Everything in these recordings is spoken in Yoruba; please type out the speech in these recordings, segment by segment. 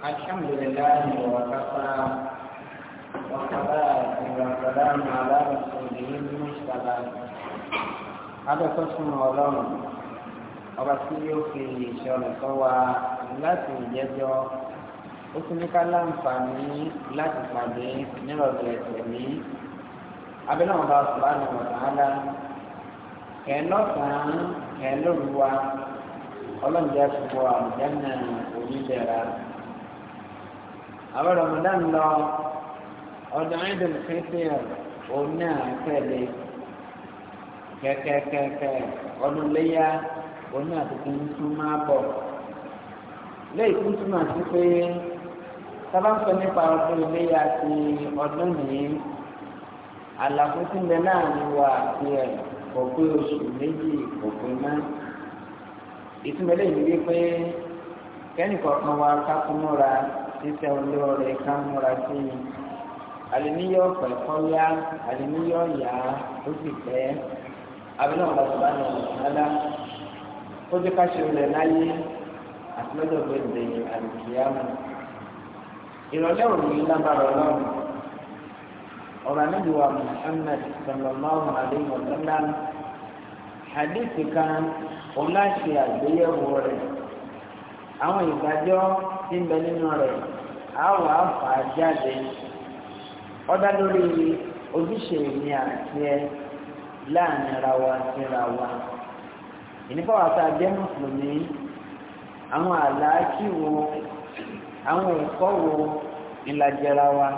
الحمد لله وكفى وكفى والسلام على رسوله المصطفى هذا قسم ọlọ́run ọba tí yóò fi ìṣọ̀rọ̀ sọ wa láti ìjẹ́jọ́ ó tún ní ká láǹfààní láti pàdé nírọ̀lẹ́ tẹ̀lé abẹ́lẹ́ wọn bá sùláàmù ọ̀tàlá kẹ́ẹ̀lọ́sàn-án kẹ́ẹ̀lóruwa ọlọ́run jẹ́ ṣùgbọ́n àmì àwọn Ramadan lọ ọdún Eidul Fitr òun náà tẹ̀lé kẹ̀kẹ̀kẹ̀kẹ̀ ọdún léyà òun náà tuntun bọ̀ tó túmọ̀ sí pé nípa ọdún ọdún àlàfo tí ń bẹ àti ẹ̀ kò pé oṣù méjì kò pé má. ìtumọ̀ wípé kẹ́nìkọ̀ọ̀kan wa ká mọ́ra títẹ olóore ká múra sí i àlùmíyọ pẹ̀kọ́ yá àlùmíyọ yá ó sì pẹ́ abúlé ọ̀gá tó bá lọ rárá ó ti ká ṣe olè láyé àti lọ́dọ̀ gbèdè àlùkìyàmù ìrọ̀lẹ́ òní lábàrọ̀ ọlọ́run ọ̀rọ̀ níbi wa Muhammad sallallahu alayhi wa sallam hadithi kan ọ̀la ṣe àgbéyẹ̀wò rẹ̀ àwọn ìgbàjọ́. ti ń bẹ nínú rẹ̀ a wà fà á jáde ọ̀dà ojúṣe mi àti ẹ láàrin ara wa síra wa ìnífọ̀wá tá a jẹ́ mùsùlùmí àwọn wo àwọn ẹ̀kọ́ wo ìlàjẹra wa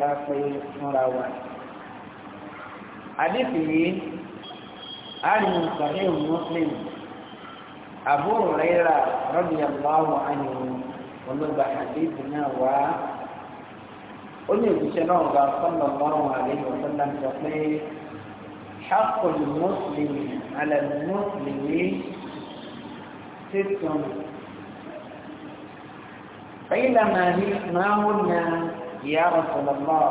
ká pé fúnra wa. yìí àrùn olùgbà àdéhùn náà wá ó ní ìbùsẹ̀ náà gba sọ́nà ọlọ́run àlejò sọ́nà sọ pé حق المسلم على المسلم ست قيل ما هي ما هن يا رسول الله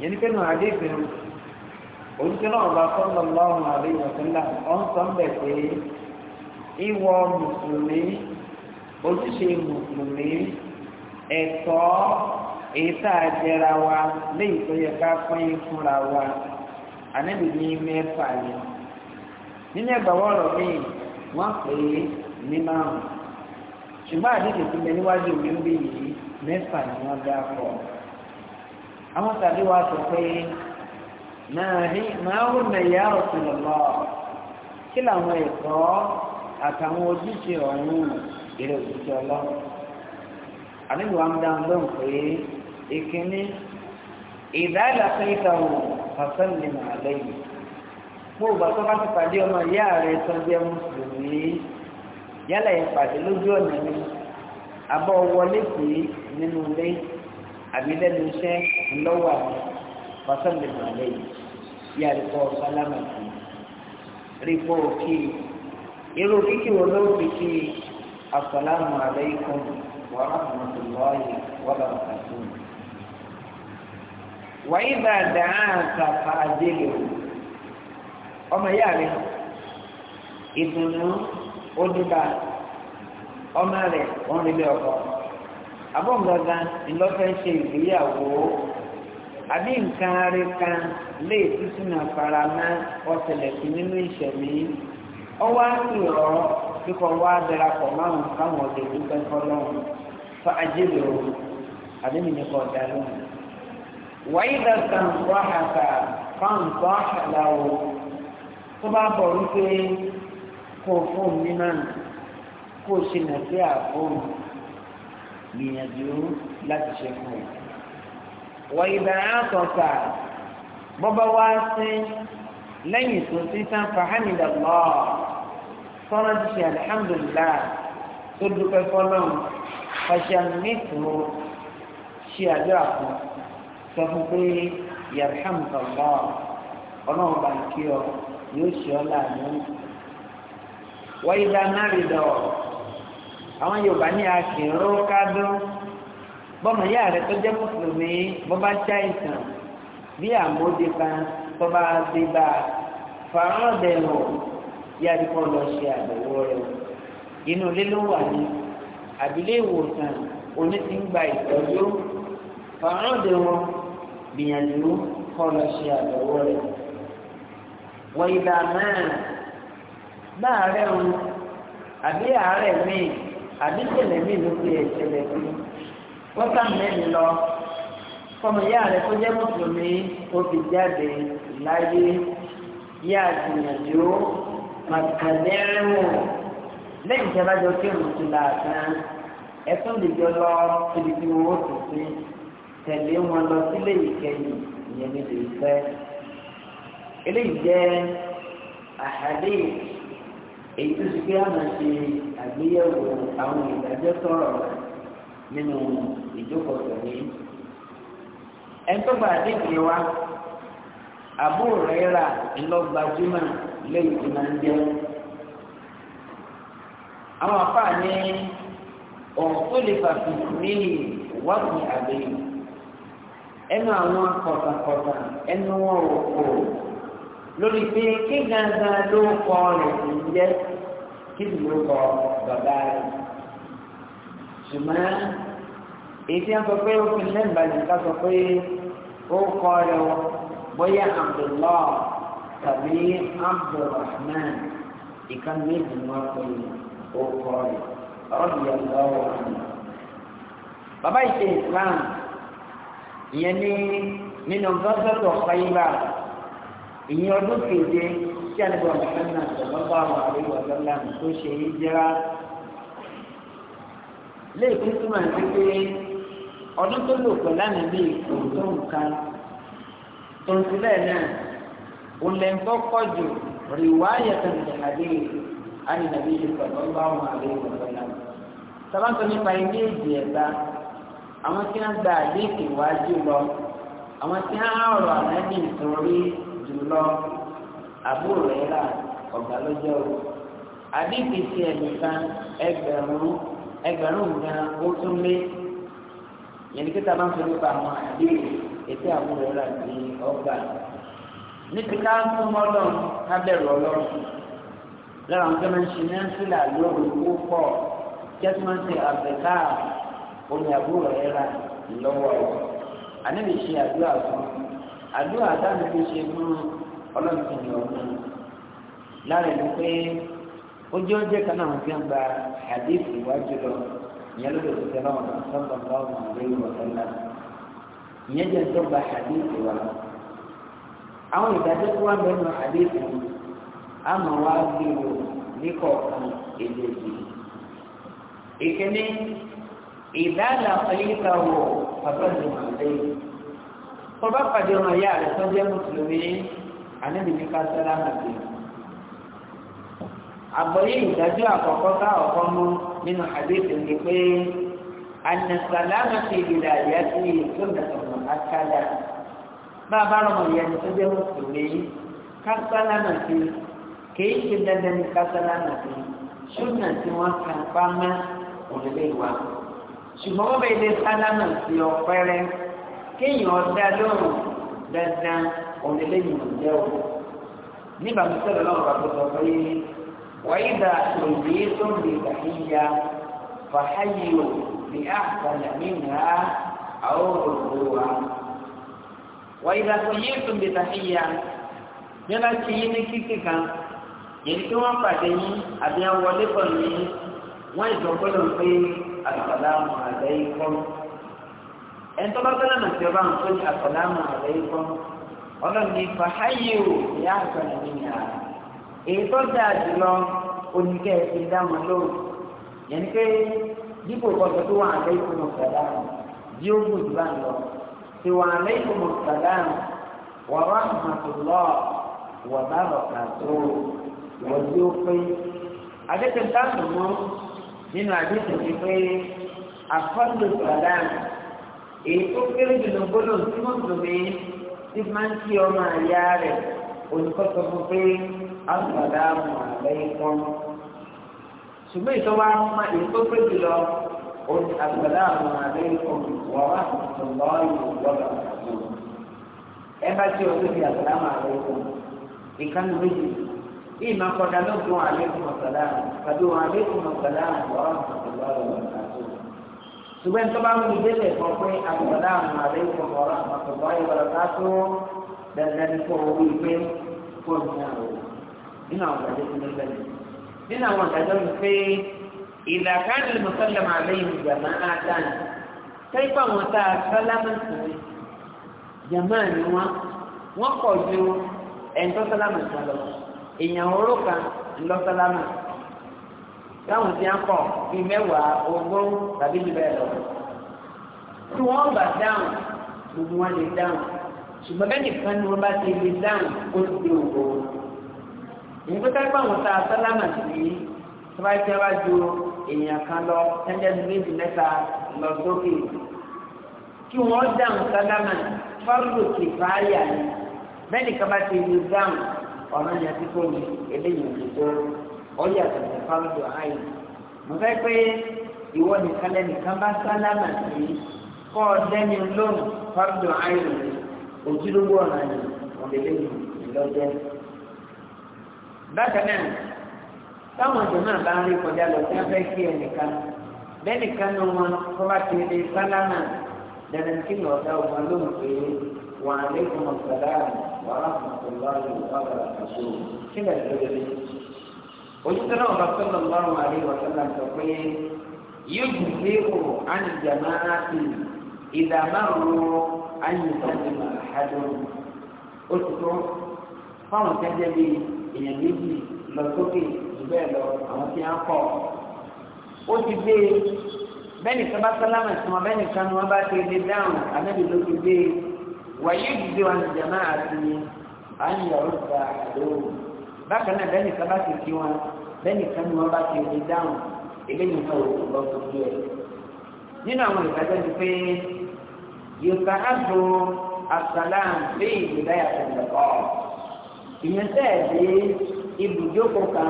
يعني كانوا عليكم قلت الله صلى الله عليه وسلم أنصم بك إيوا مسلمين ojúṣe mùsùlùmí ẹ̀tọ́ èyí tá a jẹra wa léyìí tó yẹ ká pín fúnra wa ànábì ní mẹ́fà yẹn nínú ẹgbàwọ́rọ̀ míì wọ́n pè é ní márùn ṣùgbọ́n àdéhùn tó bẹ níwájú mi ń bí yìí mẹ́fà ni wọ́n dá pọ̀ àwọn tàbí wa sọ pé máa ń ọ̀sìn lọ́wọ́ kí làwọn àtàwọn ojúṣe ọ̀hún ìrẹ òṣìṣẹ́ ọlọ́run àníbi wa ń dá ń lóhùn pé ìkíní ìdáàlà fún ìtàwọ hasan ní màálẹ yìí mo gbà tó bá ti pàdé ọmọ ìyá rẹ tó jẹ mùsùlùmí yálà yẹn pàdé lójú ọ̀nà ni abọ́ wọlé pé nínú ilé àbí lẹ́nu iṣẹ́ ńlọ́wọ́ àwọn hasan ní màálẹ yìí yíyá rẹ kọ́ sálámà sí rí pọ́ òkè irú kíkì wo ló fi kí i. السلام عليكم ورحمة الله وبركاته وإذا دعاك فأجله ọmọ ìyá rẹ ìdùnnú ojúbà ọmọ rẹ òun nílé ọkọ abọ́ǹgàgà ńlọ́fẹ́ ṣe ìgbéyàwó àbí nǹkan rẹ kan lè tútù na fara mọ́ ọ̀sẹ̀lẹ̀ sí nínú ìṣẹ̀lẹ̀ ọwọ́ àti kíkọ wá darapọ̀ márùn káwọn ọ̀dẹ̀ tó fẹ́ kọ́ lọ́wọ́ fa ajẹ́lẹ̀ o àdéhùn ní kọ́ ọ̀dà lónìí. wáyé dàtàn wá àkà fáwọn tó àkàlà o tó bá bọ̀ wípé kó o fóun ní náà kó ṣe nà sí gbìyànjú láti ṣe fún un. wáyé dàrá àtọ̀tà bọ́bá wá sí lẹ́yìn tó ti tán fàhámìdà sọ́nà ti ṣe alihamdulilah tó dúpẹ́ fọ́lọ́run fàṣàmìtìmọ̀ ṣe àdúrà fún sọ fún pé yarhamukallah ọlọ́run bá ń kí ọ yóò ṣe ọ láàánú. wọ́n ibà náà rí dọ̀ àwọn yorùbá ní akínró kádùn bọ́mọ yá rẹ tó jẹ́ mùsùlùmí bọ́ bá ìsàn bí àmóde bá tọ́ dé bá fàárọ̀ dẹ̀rọ̀ yá ni kọ́ lọ ṣe àbẹ̀wò rẹ̀ inú ilé ló wà ní àbílẹ̀ ìwòsàn oní ti ń gba ìtọ́jú fàárọ̀ dé wọn gbìyànjú kọ́ lọ ṣe àbẹ̀wò rẹ̀ wọ ìgbà náà láàárẹ̀ wọn àbí àárẹ̀ míì àbí tẹ̀lẹ̀ míì ló fi ẹ̀tẹ̀lẹ̀ sí wọ́n sá lọ kọ́mọ yá rẹ̀ tó jẹ́ mùsùlùmí ó fi jáde láyé yá gbìyànjú màtàlẹ́rù lẹ́yìn tí a bá jọ kírun ti là ẹtún lè lọ síbi tí wọn ó tù sí tẹ̀lé wọn lọ sílé ìkẹyìn ìyẹn ní lè fẹ́. eléyìí jẹ́ àhàdé èyí tó ti gbé àmà ṣe àgbéyẹ̀wò àwọn ìdájọ́ sọ̀rọ̀ nínú ìjókòó àdéhùn wa àbúrò rà lẹ́yìn tí máa ń jẹ́. àwọn afáà ní ọ̀hún tó lè fàfi nílì wákùn àbẹ̀yìn ẹnu àwọn kọ̀tàkọ̀tà ẹnu wọn ò kò lórí pé kí gángan ló kọ rẹ̀ sí jẹ́ kí ló kọ bàbá rẹ̀ ṣùgbọ́n èyí sọ pé ó fi lẹ́ǹbà nìkan sọ pé ó kọ rẹ̀ bóyá Abdullah tàbí abdulrahman ìka méjì ni wọ́n pè ọkọ rẹ̀ ọ̀rọ̀dì ọ̀gbọ́n ọ̀hún. bàbá ìṣe islam ìyẹn ní nínú gọ́sọ̀tọ̀ fáyíbà ìyẹn ọdún kéde tí a ní bọ̀ mọ̀hánà sọ̀rọ̀ àwọn àríwá lọ́la tó ṣe é jẹ́ra. léèkì túmọ̀ sí pé ọdún tó lò pẹ̀lú àná bíi kò tó nǹkan tó ń sílẹ̀ náà. ولنفقد رواية riwayat عن النبي صلى الله عليه وسلم طبعا تني فايدي جيتا àwọn tí wọ́n gba àdéhùn iwájú lọ àwọn tí wọ́n ọ̀rọ̀ ànábì nítorí jùlọ àbúrò rẹ̀ rà ọ̀gá lọ́jọ́ o àdéhùn ti ẹ̀nìkan ẹgbẹ̀rún ẹgbẹ̀rún gan ó tún lé yẹnìkítà máa ń fi nípa àwọn àdéhùn ètò àbúrò rẹ̀ rà níbi ká súnmọ́ lọ́n ká bẹ̀rù ọlọ́run lára àwọn tó máa ń ṣe nẹ́ńsílà lóru owó pọ̀ jẹ́tí máa ń ṣe àbẹ̀ká omi àbúrò rẹ̀ ra lọ́wọ́ rẹ̀ àníbi ṣe àdúrà fún àdúrà dáná tó ṣe fún ọlọ́run tó ní ọ̀nà lára ẹni pé ojú ọjọ́ kan náà fi ń gba àdéhùn ìwájú lọ ìyẹn ló lè fi tẹ́lọ̀ ọ̀nà sọ́kàn bá ọ̀nà ìwé ìyẹn jẹ́ tó gba àdéhùn ìwà àwọn ìdájọ́ tó wà lẹ́nu àdéhùn àmọ́ wá gbé wò níkọ̀ọ̀kan èdè yìí. ìkíní ìdálà ọ̀yíká wò bàbá ìdùnnà lẹ́yìn. tó bá pàdé ọmọ ìyá rẹ̀ tó jẹ́ mùsùlùmí àníbi ní ká sẹ́lá nàbẹ̀. àgbọ̀yé ìdájọ́ àkọ́kọ́ ká ọ̀kọ́ mú nínú àdéhùn ni pé ànàsàlámà ti ìdílé àyà sí ìtúndàtọ̀nà àkàdà bàbá ọmọ ìyá ni tó jẹ́ mùsùlùmí kásálámà sí kìí ṣe dandan ní kásálámà sí ṣúnà tí wọ́n kà ń pa mọ́ òrùlé wa ṣùgbọ́n wọ́n bẹ̀rẹ̀ lé sálámà sí ọ̀pẹ́rẹ́ kéèyàn ọ̀dá lóhùn dandan òrùlé yìí jẹ́ o nígbà mi sọ̀rọ̀ lọ́wọ́ bàbá tó pé wàyí òyìnbí tó ń lè dàhíyà fàháyì ò ní àkàlà nínú àá àwọn òrùlé wa wàyíra kò yé tó ń bèta ìyá yọlá tí yín ní kíkì kan yẹn tí wọn pàdé yín àbí wọn wọlé bọ yín wọn ìdọgbọdọ pé àsàlámù aláìkùm ẹnitọ́lọ́gbọ́n náà ti ọba nǹkan ní àsàlámù aláìkùm ọlọ́ni fàáyéwò ìyá àgbàlẹ̀ nìyà èyí tó dáa jùlọ oníkẹ́ ẹ̀sìn dáhùn lóhùn yẹn pé dípò kọ̀ọ̀tọ̀ tó wà àlẹ́ ìkùn ọ̀sàlámù yóò gbòdúrà lọ ti wà lẹ́yìn mọ̀sálàm wà rahmatulọ́ wà bàbàkàtó wà tí ó pé. Adékè dáàbò mọ́ nínú àdéhùn ti pé àfọ́lù sàlám èyí tó kéré jùlọ gbọ́dọ̀ tí wọ́n dùn mí tí máa ń kí ọmọ àyá rẹ̀ olùkọ́sọ fún pé àfọ̀dá mọ̀ àlẹ́ ikọ́. Ṣùgbọ́n ìtọ́wá máa èyí tó pé jùlọ قل السلام عليكم ورحمة الله وبركاته ẹ bá tí o tó fi àsàlámù àlékún ìkànnì méjì yìí máa kọ́ dáná dún àlékún àsàlámù tàbí wọn àlékún àsàlámù wọ́n àtàlá ọ̀rọ̀ àtàkùn. ṣùgbọ́n tó bá ń wí délẹ̀ kọ́ pé àsàlámù àlékún ọ̀rọ̀ àtàkùn wáyé wọ́n lọ́ta tó dandan kó o wí kó ní àwọn ìdájọ́ tó ní bẹ́ẹ̀ nínú àwọn ìdájọ́ mi pé إذا كان المسلم عليهم جماعة كيف متسلم جماعة وقجوا أن تسلم السلام إن يهورك أن تسلم láwọn tí a kọ bíi mẹ́wàá ogún tàbí jù bẹ́ẹ̀ lọ tí wọ́n bá dáhùn gbogbo wọn lè dáhùn ṣùgbọ́n bẹ́ẹ̀ nìkan ni wọ́n bá ti lè dáhùn ó ti di ògbó. ìyẹn pàwọn tá a sálámà sí i tó bá wá ju èèyàn kan lọ ẹlẹ́nu méjì mẹ́ta lọ sókè kí wọ́n dáhùn sálámà fárúdò kì fáyà ni bẹ́ẹ̀ ni kaba ti ní dáhùn ọ̀rọ̀ yẹn ti kó ní eléyìí ti tó ọ̀yà tẹ̀sẹ̀ fárúdò ayé mo fẹ́ pé ìwọ nìkan lẹ́nìkan bá sálámà sí kọ́ ọ dẹ́ni lónìí fárúdò ayé rẹ̀ ojúlówó ọ̀nà yìí ọ̀dẹ̀lẹ́yìn ìlọ́jẹ́ bákan náà táwọn ọ̀dọ́ náà bá ń rí kọjá lọ sí afẹ́ kí ẹnìkan bẹ́ẹ̀nìkan ní wọn kọ́ bá ti lè sálámà dandan kí ni ọ̀dà ọ̀gbọ́n ló ń pè é wà á lè fún ọ̀sàdá wà á fún ọ̀sàdá ọ̀gbà kí lè lè lè. ojútọ́ náà bá sọ́dọ̀ lọ́rùn àlẹ́ ìwọ̀sọ́dà sọ pé yóò dùn sí òwò ánìjàmá àti ìdàmárò ánìjàmá àdó òtútù fáwọn tẹ́jẹ́ bíi èèyàn méjì lọ sókè bẹ́ẹ̀ lọ àwọn tí wọ́n kọ́ ó ti gbé e bẹ́ẹ̀ni kan bá sálámà sí wọn bẹ́ẹ̀ni kan ni wọ́n bá ti lè dáhùn ànábì ló ti gbé e wàyí ìdíje wọn jẹ̀mọ́ àti àyìnyàwó gba àdéhùn bákan náà bẹ́ẹ̀ni kan bá ti kí wọn bẹ́ẹ̀ni kan ni wọ́n bá ti lè dáhùn eléyìí náà ò lọ sójú ẹ̀ nínú àwọn ìdájọ́ ti pé yorùbá á bo asalaam bíi ìgbéláyà ìyẹn tẹ́ẹ̀ dé kan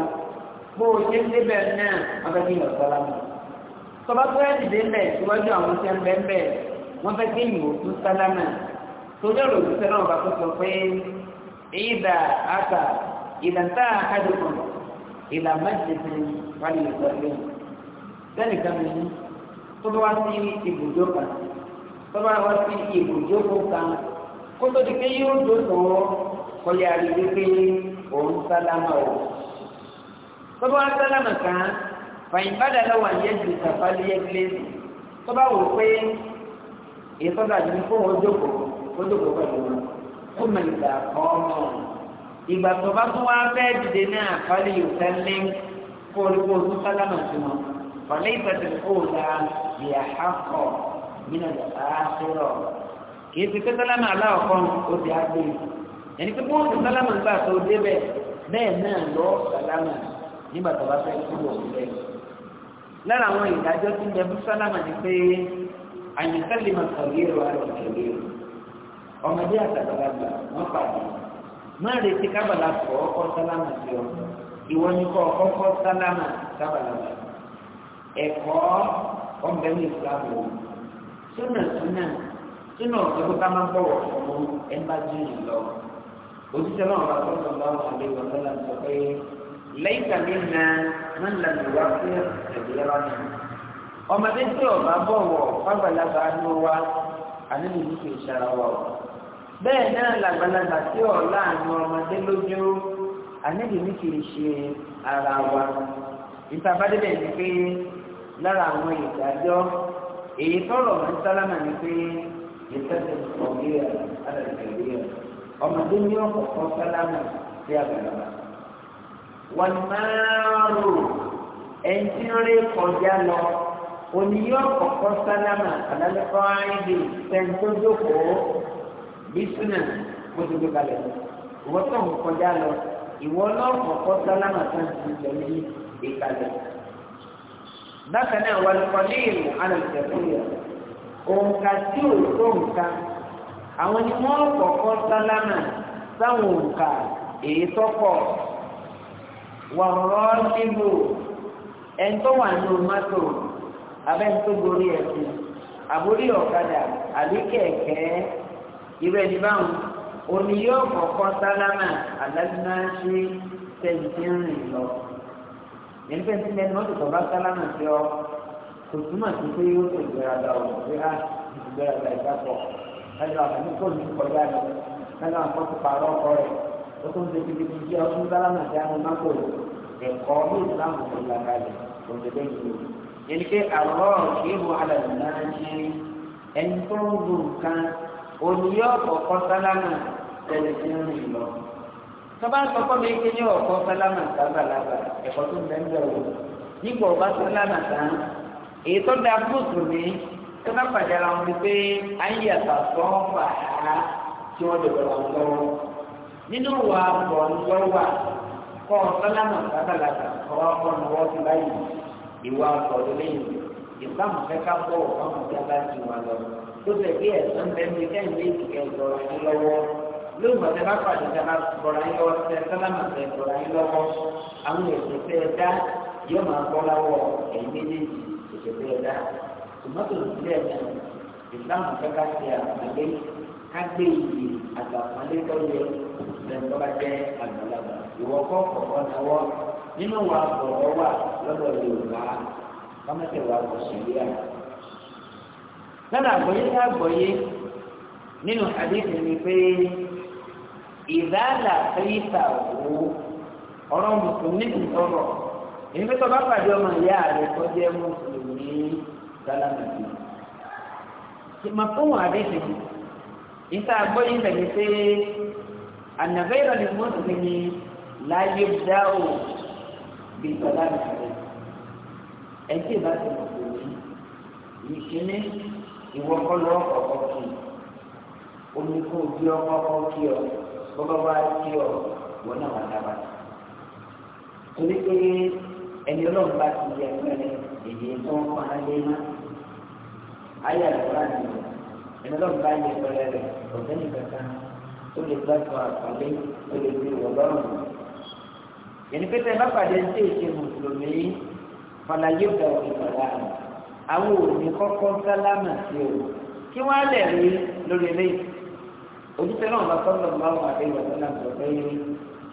bó o ṣe ń débẹ̀ náà wọ́n fẹ́ kí ìyọ̀ sọ́lá mọ̀. tọ́ba tó ẹ̀ dìde ńbẹ̀ síwájú àwọn tí ń bẹ́ ńbẹ̀ wọ́n fẹ́ kí ìyọ̀ tún sálá náà. torí ọ̀rọ̀ òṣìṣẹ́ náà bá tó sọ pé ìdà àtà ìdàntà àdìgún ìdà mẹ́tẹ̀ẹ̀tẹ̀ wálé ìgbàlẹ́ sẹ́nìkan mi tó bá wá sí ibùdó kan tó wá sí ibùdó kan kó di pé yóò dó tó tọ́ba wá sálámà kan fàyìnbádà lọ́wọ́ àyẹ́jù tàbálí ẹgbẹ́ tọ́ba wò pé ìfọ́dà jù ní fóun ojókòó ojókòó pẹ̀lú wọn ó mẹ́lìdà kọ́ ọ́nà ìgbà tó bá tún wá fẹ́ dìde náà fálí ìwòsàn lẹ́yìn kó o kó o tún sálámà sí wọn fàlẹ́ ìfẹ̀tẹ̀ kó o la ìyá akọ̀ nínú ìjọba àṣírọ̀ kì í ti pé sálámà aláwọ̀kan ó ti á bẹ́ẹ̀ náà lọ́ọ́ sálámà nígbà tó bá fẹ́ kúrò nílẹ̀. lára àwọn ìdájọ́ tí ń bẹ fún sálámà ni pé àyìnkálẹ̀ máa sọ̀rọ̀ èrò àrò ìkẹ̀lẹ̀ ọmọdé àtàgbàlagbà wọ́n pàdé má retí kábàlà fọ́ ọkọ sálámà sí ọ ìwọ ni kọ́ ọkọ sálámà kábàlàgbà ẹ̀kọ́ ọ̀bẹ̀rún ìsìlámù sọ́nà sọ́nà sínú ọ̀sẹ̀ kó ká máa bọ̀wọ̀ fún ẹ̀ńbájú yìí lọ òṣìṣẹ́ náà bá tọ́jú ọ̀gá ọ̀hún àlẹ́ ìwọ̀n sọ pé lẹ́yìn tàbí nà wọn là ní wá fún ẹ̀dùnlẹ́ wa nù. ọmọdé tí ọba bọ̀wọ̀ fábàlábà ní wa àníbi ní kìí ṣara wa o. bẹ́ẹ̀ náà làgbàlagbà tí ọ̀la àwọn ọmọdé lójú àníbi ní kìí ṣe ara wa. ìtàbádé bẹ́ẹ̀ ni pé lára àwọn ìdájọ́ èyí tọrọ mọ sálámà ni pé ìtẹ́sẹ̀ ọ̀gbìn àdàlẹ̀ ọmọdé ní ọ̀kọ̀ọ̀kan sálámà sí àgbàlagbà wọn máa rò ẹnití rẹ kọjá lọ oníyọ kọkọ sálámà àlálẹkọ àìdè tẹńtójókòó bísúnà gbódúgbò kalẹ̀ ìwọ tó ń kọjá lọ ìwọ náà kọkọ sálámà tẹńtì lọ ní ìkàlẹ̀. bákan náà wà lóko ní ìlú alùpùpù òǹkà tí ò tó nǹka àwọn ni wọn kọkọ sálámà sáwọn òǹkà èyí tọkọ wàrọ̀ síbò ẹni tó wà nínú mọ́tò abẹ́ni tó borí ẹ̀sìn àbórí ọ̀kadà àbí kẹ̀kẹ́ irú ẹni báwọn òní yóò kọ́kọ́ sálámà alágbáṣe tẹ̀síìrìn lọ. ẹni fẹ́ sí mẹ́rin mọ́tò tó bá sálámà sí ọ kò túmọ̀ sí ní kọjá lọ lẹ́nu àkọ́kọ́ parọ́ ọkọ rẹ̀ ó tún ṣe bíbí kí ọdún sálámà tí a mú má kò ẹ̀kọ́ ní ìsìláàmù tó la kalẹ̀ òṣèlú yìí yẹn pé àlọ́ ìhù alàlù náà ṣe ẹni tó ń lu nǹkan òníyọ́ ọ̀kọ́ sálámà tẹ̀lé tí ń rìn lọ. tọ́ba sọ́kọ́ mi pé ní ọ̀kọ́ sálámà tábàlábà ẹ̀kọ́ tó bẹ́ẹ̀ bẹ́ẹ̀ wò nígbà ọba sálámà tán èyí tó da fúùtù ní tó bá ni pé ayé àtàkọ́ fà á tí wọ́n lè bọ̀ nínú wa bọ̀ lọ́wọ́ wa kọ́ sálámà sábàlàkà kọ́wá kọ́ lọ́wọ́ tó báyìí ìwà ọ̀dọ́ lẹ́yìn ìbámu fẹ́ká bọ̀ ọ̀hún tí a bá ti wà lọ. tó bẹ̀ bí ẹ̀sán bẹ́ẹ̀ ní kẹ́hìn lé ìkẹ́ ìbọ̀rọ̀ yín lọ́wọ́ lóyún bàtẹ́ bá pàdé sábà bọ̀rọ̀ yín lọ́wọ́ tẹ sálámà tẹ bọ̀rọ̀ yín lọ́wọ́ àwọn èso tẹ ẹ dá yóò máa bọ́ láwọ̀ ẹ̀yìn méjèèjì kágbé ìdè àgbàpọ̀lẹ́kọ̀ọ́yẹ lẹ́ńtọ́ba jẹ́ àgbàlagbà ìwọ́kọ́ kọ̀ọ̀kan náwọ́ nínú wa bọ̀rọ̀ wà lọ́dọ̀ Yorùbá kọ́mẹ́tẹ̀ wa kò sí rí à. lọ́dọ̀ àgbọ̀yé ká àgbọ̀yé nínú àdéhùn ni pé ìdáàlà fẹ́yìntà wò ọ̀rọ̀ mùsùlùmí kì í tọrọ èyí pé tọ́ba pàdé ọmọ ìyá rẹ̀ kọ́ jẹ́ mùsùlùmí sálámù sí i. màtún àdéhùn isa agbóyin tẹ̀lé pé ànàbẹ́rọ ni mo sì ní láyé dáwò bí ìtọ́lá mi kàlẹ́ ẹtí ìbá ti mọ̀ pé mi ìkíní ìwọ kọ́ lọ ọkọ̀ kí omi kò bí ọkọ̀ kọ́ kí ọ bọ́bá wá kí ọ wọ́n náà wà dábàá torí pé ẹni ọlọ́run bá ti yẹ ẹgbẹ́rẹ́ èyí tó ń pa á lé má ayé àlùkò láti ẹni ọlọ́run bá yẹ ẹgbẹ́rẹ́ rẹ̀ ọ̀sẹ́ni kankan ó lè gbàgbọ́ àpàlẹ́ ó lè gbé wọ lọ́rùn. yẹnni pété bá pàdé ṣe ìṣe mùsùlùmí fàlàyé gba ìgbàlá àwọn òní kọ́kọ́ sálámà sí o kí wọ́n á lẹ̀ rí lórí eléyìí ojúṣe náà bá sọ́dọ̀ bá wà pé ìwà sọ́dọ̀ sọ pé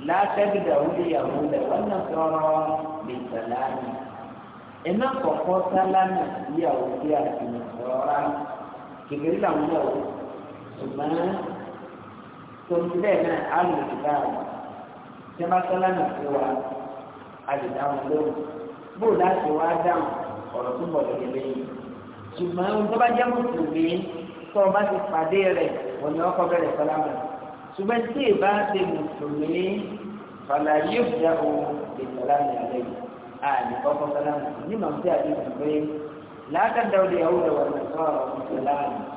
látẹ́bìdà wúlé ìyàwó rẹ̀ wọ́n náà sọ̀rọ̀ lè sàlámì iná kọ̀ọ̀kan sálámì sí àtìmọ̀sọ̀rọ̀ kékeré làwọn ṣùgbọ́n tòun bẹ́ẹ̀ náà á lò sí báyìí tí wọ́n bá tọ́ lánà sí wa a lè dáhùn lóhùn bó láti wá dáhùn ọ̀rọ̀ tó bọ̀ lórí lẹ́yìn ṣùgbọ́n ohun tó bá jẹ́ mùsùlùmí tó o bá ti pàdé rẹ̀ wọ́n ni ọkọ̀ bẹ̀rẹ̀ sọ́lámù ṣùgbọ́n tí ì bá ṣe mùsùlùmí fàlà yóò fi dá ohun ìsọ̀lámù àlẹ́ yìí àní ọkọ̀ sọ́lámù nígbà tí a ti sùn pé láàkàdá olè yahoo lọ́wọ́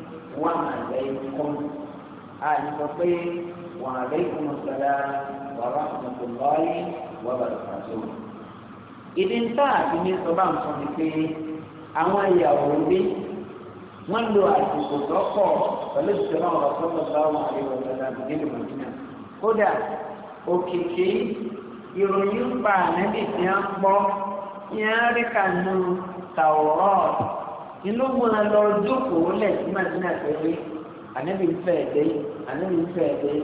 wọn àlẹ kún àyùkọ pé wọn àlẹ kún sọlá wàrà ọmọkùnrin wọn bàrà pàṣẹ. ìdí ń tà àti ní sọba nǹkan ni pé àwọn ìyàwó ilé wọn lo àsìkò tọkọ pẹ̀lú ìṣẹ̀lẹ̀ ọ̀rọ̀ tọkọ bá wọn àríwọ sọlá ìdílé mọdínà kódà òkìkí ìròyìn pa ànábì tí wọn gbọ́ yẹn rí kànú tàwọrọ inú mu lọ jókòó lẹ̀ sí màdínà pẹ̀lú ànábì ń fẹ́ ẹ̀dẹ́ ànábì ń fẹ́ ẹ̀dẹ́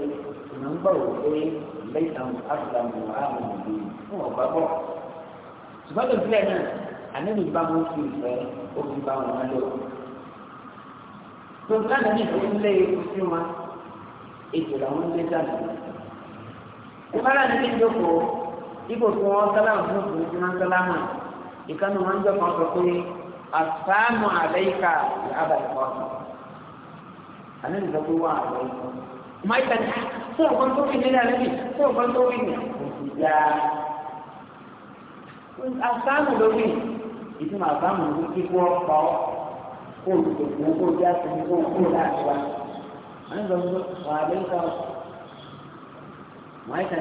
ìmọ̀ ń bọ̀ wò pé lẹ́yìn àbùdàmù àmì ìdè fún ọ̀gbà bọ̀. ṣùgbọ́n lóbi ẹ̀ náà ànábì bá wọn fi ìfẹ́ ó fi bá wọn lọ. tó dáná ní ìfẹ́ ńlẹ̀ ewu sí wọn ètò làwọn ń lé dànù. ìfárá ní kí n jókòó ibò tí wọ́n sálámù fún ìfúnni ìkànnì wọn jọ asaamu alayka abalẹkọ anabi sọ pé wà á lọ ikọ máa tẹ ká fún ọgbọn tó wí nílẹ̀ anabi fún ọgbọn tó wí ní ìyá asaamu lórí ìtumọ̀ asaamu lórí kíkọ́ ọ̀pọ̀ kó o tó kó o kó o já sí kó o kó o láti wá anabi sọ pé wà á lọ ikọ máa tẹ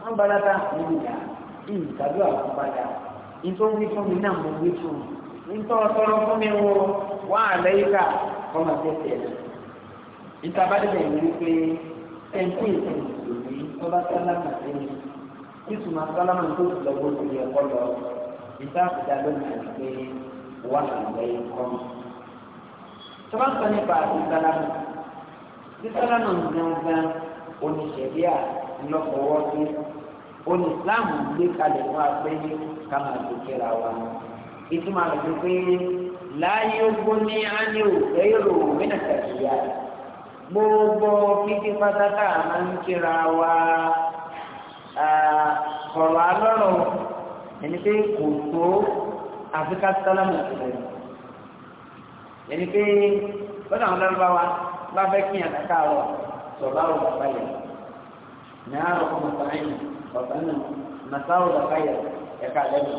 ká wọn bá dáta fún mi yá ìyí tàbí àwọn ọba yá fún mi náà mo gbé fún mi nítorí ọ̀tọ́rọ̀ fún mi wo wá àlẹ́ ìgbà ọmọ tẹ̀sẹ̀ rẹ̀. ìta bá dẹ̀ bẹ̀rẹ̀ ní pé ẹ̀ńtí ìsìn ìsòrí ọba sálámà sẹ́yìn títúmọ̀ sálámà tó ti lọ bó ti yẹ kọ́ lọ ìta àbùdá lónìí àti pé wá àlẹ́ ìkọ́. tọ́lá sọ nípa àti sálámà tí sálámà ń gbọ́ngàn oníṣẹ̀bíà ńlọ́kọ̀ọ́wọ́ sí onísìláàmù gbé kalẹ̀ fún apẹ́yẹ ká máa dókè ra wa ìtumọ̀ àgbẹ̀ pé láyé ogún ní ánì òfé èrò mínà kàṣíyà gbogbo kíkí pátákà máa ń kíra wa ọ̀rọ̀ alọ́rọ̀ ẹni pé kò tó àfíkà sálámù ìṣẹ̀lẹ̀ ẹni pé lọ́dọ̀ àwọn lọ́rọ̀ bá wa bá fẹ́ kí yàn kàkà rọ̀ sọ̀rọ̀ àwọn bàbá yẹn ní àárọ̀ ọmọ sàáyìn ọ̀sán náà nàṣàwọ̀ bàbá yẹn ẹ̀ka lẹ́nu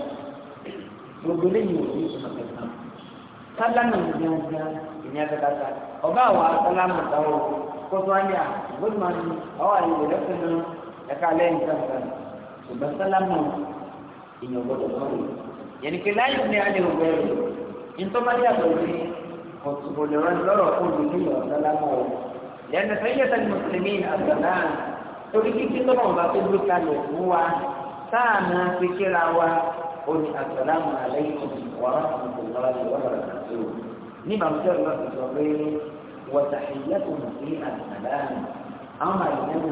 gbogbo lẹ́yìn òní ìsúná kẹta sálámù gbẹngbẹ ìní akẹkẹta ọba àwọn asálámù táwọn kótó ayé gbọdọmọdé ọwọ́ àyè lẹfẹnu ẹka lẹ́yìn kankan ṣùgbọ́n sálámù ìyẹn gbọ́dọ̀ lọrọ yẹnìkẹ láyé ní alẹ́ òwe rẹ ntọ́mọdé àgbẹ̀wé kòtùkòlẹ́rọ lọ́rọ̀ fún olùdíyọ̀ sálámù ọ lẹ́nu fẹ́yẹ́sẹ̀ mùsùlùmí àgbàlá torí kíkí lọ́wọ́ bá ó ní asalaamu aleykum wa rahmatulahi wa barakatuh nígbà tó ṣe lọ sọ pé wọ́n ṣàṣeyẹ́kù sí àtàlámù àwọn àyẹ̀wò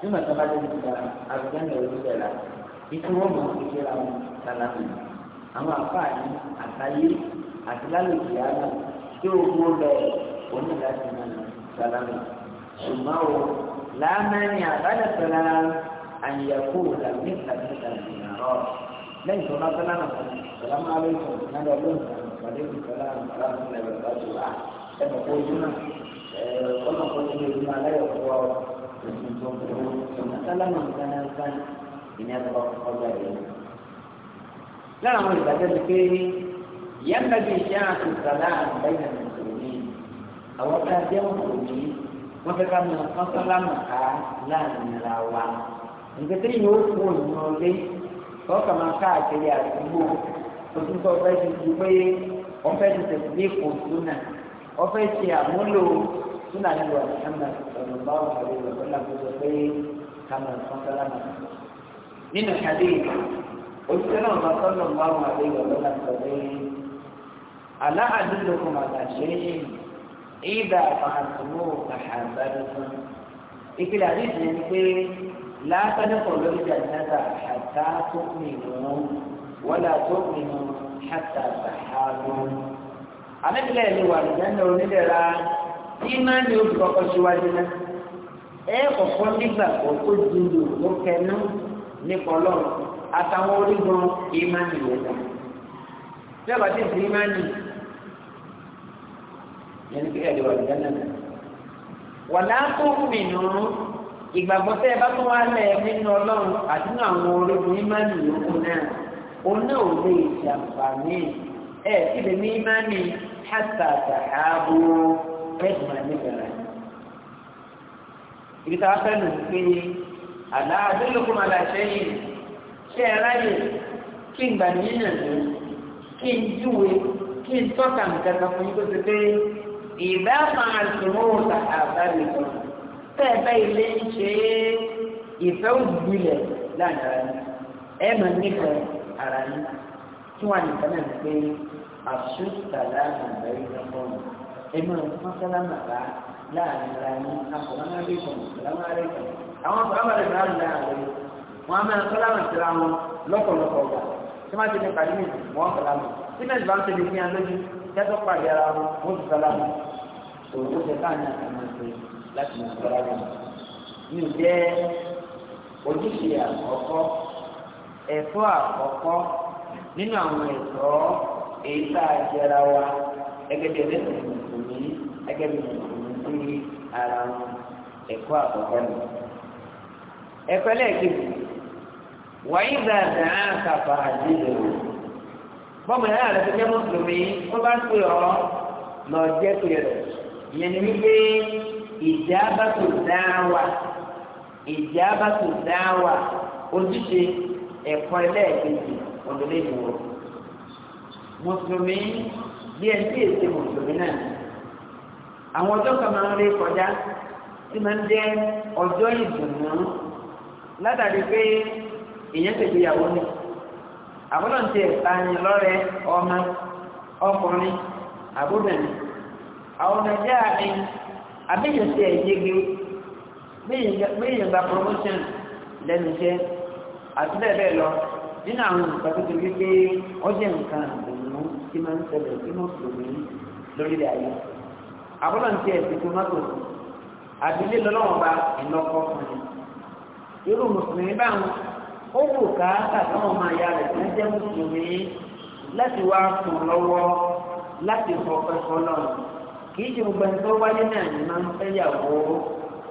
nígbà tó bá dẹ́nu gba àgbẹ̀yẹ̀ olùdẹ̀là ìtúwọ́ mọ̀ ìṣẹ́ra wọn sálámù àwọn àfáàní àtàyé àti lálùkì àná tí ó gbó lọ oníláṣẹ náà sálámù ṣùgbọ́n o láàmú ẹni àbálẹ̀ sọ̀rọ̀ àyẹ̀kú làmí ìtàkùn ìtàkùn ìrọ̀ lẹ́yìn tó bá sọ́lá náà sàlámù aláìkùm náà lọ́wọ́ ìsàlẹ̀ sàlámù sàlámù nàìjíríà sàlámù náà ẹ̀mọ̀ kó ojú náà ọ̀nà kó ojú ojú náà lẹ́yọ̀ fún ọ òsùn tó ń bọ̀ ọ̀nà sàlámù sàlámù ìní ẹ̀kọ́ ọgbà yẹn. lára àwọn ìgbàgbọ́ ti pé yẹn bẹ́ẹ̀ bí iṣẹ́ àti sàlámù bẹ́ẹ̀ ní mùsùlùmí àwọn ká mọ̀ ọ́n sàlámù láàrin ara wa nǹkan tẹ́yìn ó kú òun náà tọ́ka máa káàkiri àdúgbò tuntun tó fẹ́ ti di pé ọ̀fẹ́ ti tẹ̀sí ní kò súnà ọ̀fẹ́ ti àmúlò súnà nílò àdìsánà ọ̀nà bá wà lórí ọ̀dọ́ làbújọ pé kàmọ̀ sọ́kàlámà. nínú ìkàdé òṣìṣẹ́ náà bá sọ́nà bá wà lórí ọ̀dọ́ làbújọ pé àlá àdúgbò kò mà dàṣẹ́ ìdá àfàhàtúmọ̀ àhàbàdàn ìpìlẹ̀ àdìsẹ́ ni pé. لا تدخلوا الجنة حتى تؤمنوا ولا تؤمنوا حتى تحابوا àmẹ́tìlẹ̀ ìlú wà lùdánù onídẹ̀ra tí máa ń ní oṣù kọ̀ọ̀kan síwájú náà ẹ kọ̀ọ̀kan nígbà kọ̀ọ̀kan dúró ló kẹnu nípa ọlọ́run àtàwọn orígun ìmánì rẹ̀ náà bí ọba tí ì sí ìmánì yẹn ní kí ẹ̀dẹ̀ wà lùdánù náà wà láàkó mìíràn ìgbàgbọ́ tẹ́ ẹ bá tún wá lẹ̀ nínú ọlọ́run àti nínú àwọn ológun ìmánì yòókù náà òun náà ò lè ṣàǹfààní ẹ̀ kí lè ní ìmánì hàtàtà ààbò ẹ̀dùnmá nígbàrá. ibi táwa fẹ́ lò pé àlá adélòkùn aláṣẹ yìí ṣé ẹ ráyè kí n gbà níyàn lò kí n júwe kí n tọ́ka nǹkan kan fún yín tó ti pé ìbá ta àbá nìkan tẹ́ẹ̀bẹ́ ilé ń ṣe ìfẹ́ òdìbílẹ̀ láàrin ara ẹ mọ̀ nífẹ̀ẹ́ ara ní tí wọ́n nìkan náà pé àṣùtàlá àgbáyé lọ́kọ́ọ̀nù ẹ mọ̀ mọ́sálámà bá láàrin ara ní àfọ̀mọ́lẹ́kùn ìsàlámàlẹ́kùn àwọn àfọ̀mọ́lẹ́kùn láàrin láàrin wọn a máa sálámà síra wọn lọ́pọ̀lọpọ̀ gbà tí wọ́n ti ní pàdé mi wọ́n sálámà tí mẹ́rin bá ń tẹ̀lé ní alójú kẹ́tọ́ pàdé ara wọn wọ́n ti sálámà tòun ó ṣe káàní àtàwọn ẹgbẹ́ láti mú ìfọ́ra rẹ̀ ní ìjẹ́ ojúṣe àkọ́kọ́ ẹ̀tọ́ àkọ́kọ́ nínú àwọn ẹ̀tọ́ èyí tá a jẹra wa ẹgẹ́dẹ́ lẹ́sìn mùsùlùmí ẹgẹ́dẹ́ mùsùlùmí sí ara wọn ẹ̀kọ́ àkọ́kọ́ ni. ẹ̀kọ́ lẹ́ẹ̀kejì wàyí dàda àkàfà àdìrò bọ́ọ̀mù yàrá rẹ̀ tó jẹ́ mùsùlùmí ó bá ń pè ọ́ lọ jẹ́ pé rẹ̀ ìyẹn ni wípé ìjábàtò dáwà ìjábàtò dáwà ojúṣe ẹ̀kọ́ ẹlẹ́ẹ̀kejì ọ̀dọ́lẹ́ ìwọ̀ mùsùlùmí bí ẹni tí èsì mùsùlùmí náà àwọn ọjọ́ kan máa ń rí kọjá tí máa ń jẹ́ ọjọ́ ìdùnnú látàrí pé èèyàn tètè yàwó ni àbúrò ń tẹ ọmọ ọkùnrin àbúrò ni àwọn ọmọ ẹ̀jẹ̀ àárín àbẹ́yẹ̀ sí ẹ̀yẹ́gẹ́ méyìn gba promotion lẹ́nu iṣẹ́ àti bẹ́ẹ̀ bẹ́ẹ̀ lọ nínú àwọn nǹkan tó ti rí pé ọjọ́ nǹkan ìdùnnú tí máa ń ṣẹlẹ̀ tí mo sùn ní lórílẹ̀ ayé àbúrò ní tiẹ̀ ti fi mọ́tò àbílẹ̀ lọ́lọ́wọ́n bá ìlọ́kọ́ fún mi irú mùsùlùmí báwọn ó wù ká àtàwọn ọmọ ayá rẹ̀ ń jẹ́ mùsùlùmí láti wá fún lọ́wọ́ láti fọkàn fọlọ́run kì í ju gbogbo ẹni tó wáyé náà ní máa ń fẹ́yàwó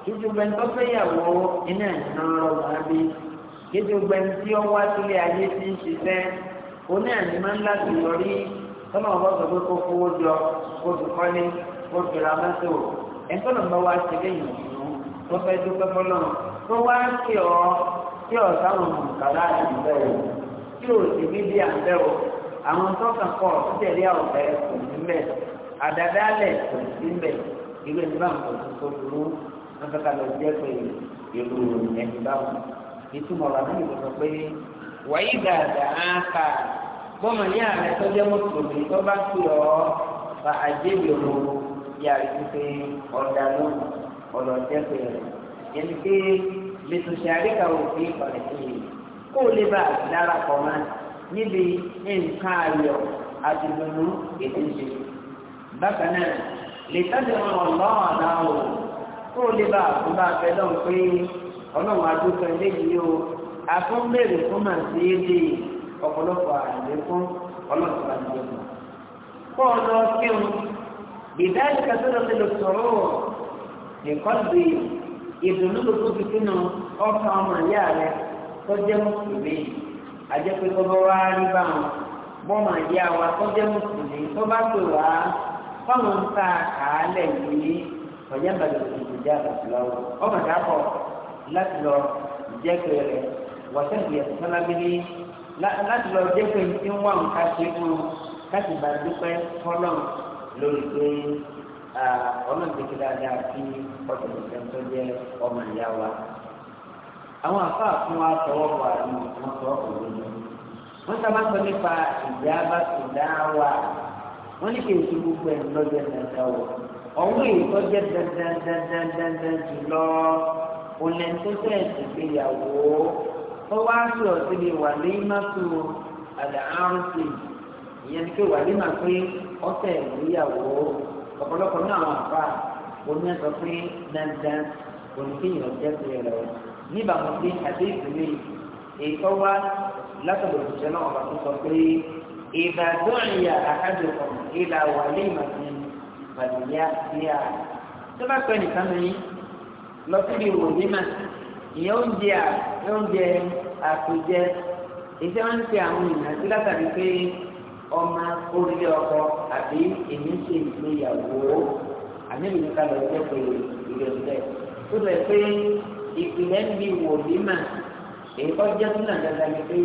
kì í ju gbogbo ẹni tó fẹ́yàwó iná ẹ̀ náà rọrùn àbí kì í ju gbogbo ẹni tí ó wá sílé ayé tí ń ṣiṣẹ́ oní ẹ̀mí máa ń láti yọrí tọ́nà ọ̀bá sọ pé kó fowó jọ kó fi kọ́lé kó fi ra mọ́tò ẹ̀ńtọ́nà bá wá ṣe léyìn ìlú tó fẹ́ dúpẹ́ tó wá kí ọ kí ọ sáwọn kàlá o kí o sì bí o àwọn tó kàn kọ́ àdàdálẹ̀ kò sí mbẹ̀ irú ẹni báwọn kò sí tó burú wọn fẹ́ ká lọ jẹ́ pé ìlú ẹni báwọn ìtumọ̀ ọ̀rọ̀ àmì ìbò sọ pé wàyí dàda áka bọ́mọ ní ààrẹ tó jẹ́ mùsùlùmí tó bá fi ọ́ fa àjẹ́ ìlú yàrá ìfúnpé ọ̀dà lóhùn ọ̀rọ̀ jẹ́ pé yẹn ni pé lẹ́tọ̀ sàríkà òfin pàrẹ̀kìlì kó lè bá darapọ̀ mọ́ níbi nǹkan ayọ̀ àti gbogbo ètò ìṣèlú. bákan náà lè tẹ́lẹ̀ wọn ọlọ́run àdáwò kó lè bá àkúbá fẹ́ lọ́n pé ọlọ́run o fún màá sí ọ̀pọ̀lọpọ̀ ọlọ́run kó o lọ kẹsàn-án nìkan ìdùnnú ló tó fi sínú ọmọ ìyá rẹ tó jẹ́ mùsùlùmí àjẹpẹ́ tó wá rí wa tó jẹ́ mùsùlùmí tó bá wá. fáwọn ń ta àálẹ̀ yìí ọ̀yá bàlẹ̀ ìdíjà lọ́wọ́ ọmọ dàbọ̀ láti lọ jẹ́pẹ̀ rẹ̀ wọ́sẹ̀lì ẹ̀sọ́lábílì láti lọ jẹ́pẹ̀ tí ń wà nǹkan ṣe fún un láti bá dúpẹ́ fọ́lọ́ lórí pé ọlọ́ọ̀dẹ́kẹ́ dáadáa sí ọ̀sẹ̀ ìjẹun tó jẹ́ ọmọ ìyá wa àwọn àfáà fún wa tọwọ́ wà ní wọn tọwọ́ kò lóyún sábà sọ nípa ìyá bá sì dá wà wọ́n ní kí èso gbogbo ẹ̀ lọ́jọ́ dandan wọ̀ ọ̀hún ìtọ́jẹ́ dandan dandan dandan jùlọ olùtọ́jẹ́ ìgbéyàwó tó wá sí ọ̀sẹ̀ bíi wàlẹ́ mọ́tò àdáhàrúsì ìyẹn ni pé wàlẹ́ máa pé ọ̀sẹ̀ ìgbéyàwó ọ̀pọ̀lọpọ̀ ní àwọn àbá oní ẹ̀sọ́ pé dandan olùkéyìn ọ̀jẹ́ pé rẹ̀ níbàámu sí àdéhùn mi èyí tó wá látọ̀dọ̀ òṣìṣẹ́ náà wà tó sọ pé. إذا دعي أحدكم إلى وليمة فليأتيها tó bá pẹ́ nìkan mi lọ síbi wòlímà ìyẹn oúnjẹ oúnjẹ àpèjẹ èyí wọn ń pe àwọn èèyàn sí látàrí pé ọmọ orílẹ̀ ọkọ àbí èmi ṣe ìgbéyàwó àmì ìgbéka lọ jẹ́ pé ìrẹ̀lẹ̀ tó lẹ̀ pé ìpìlẹ̀ ń bi wòlímà èyí kọ́ jẹ́ sílẹ̀ dandan ni pé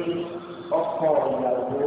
ọkọ ìyàwó.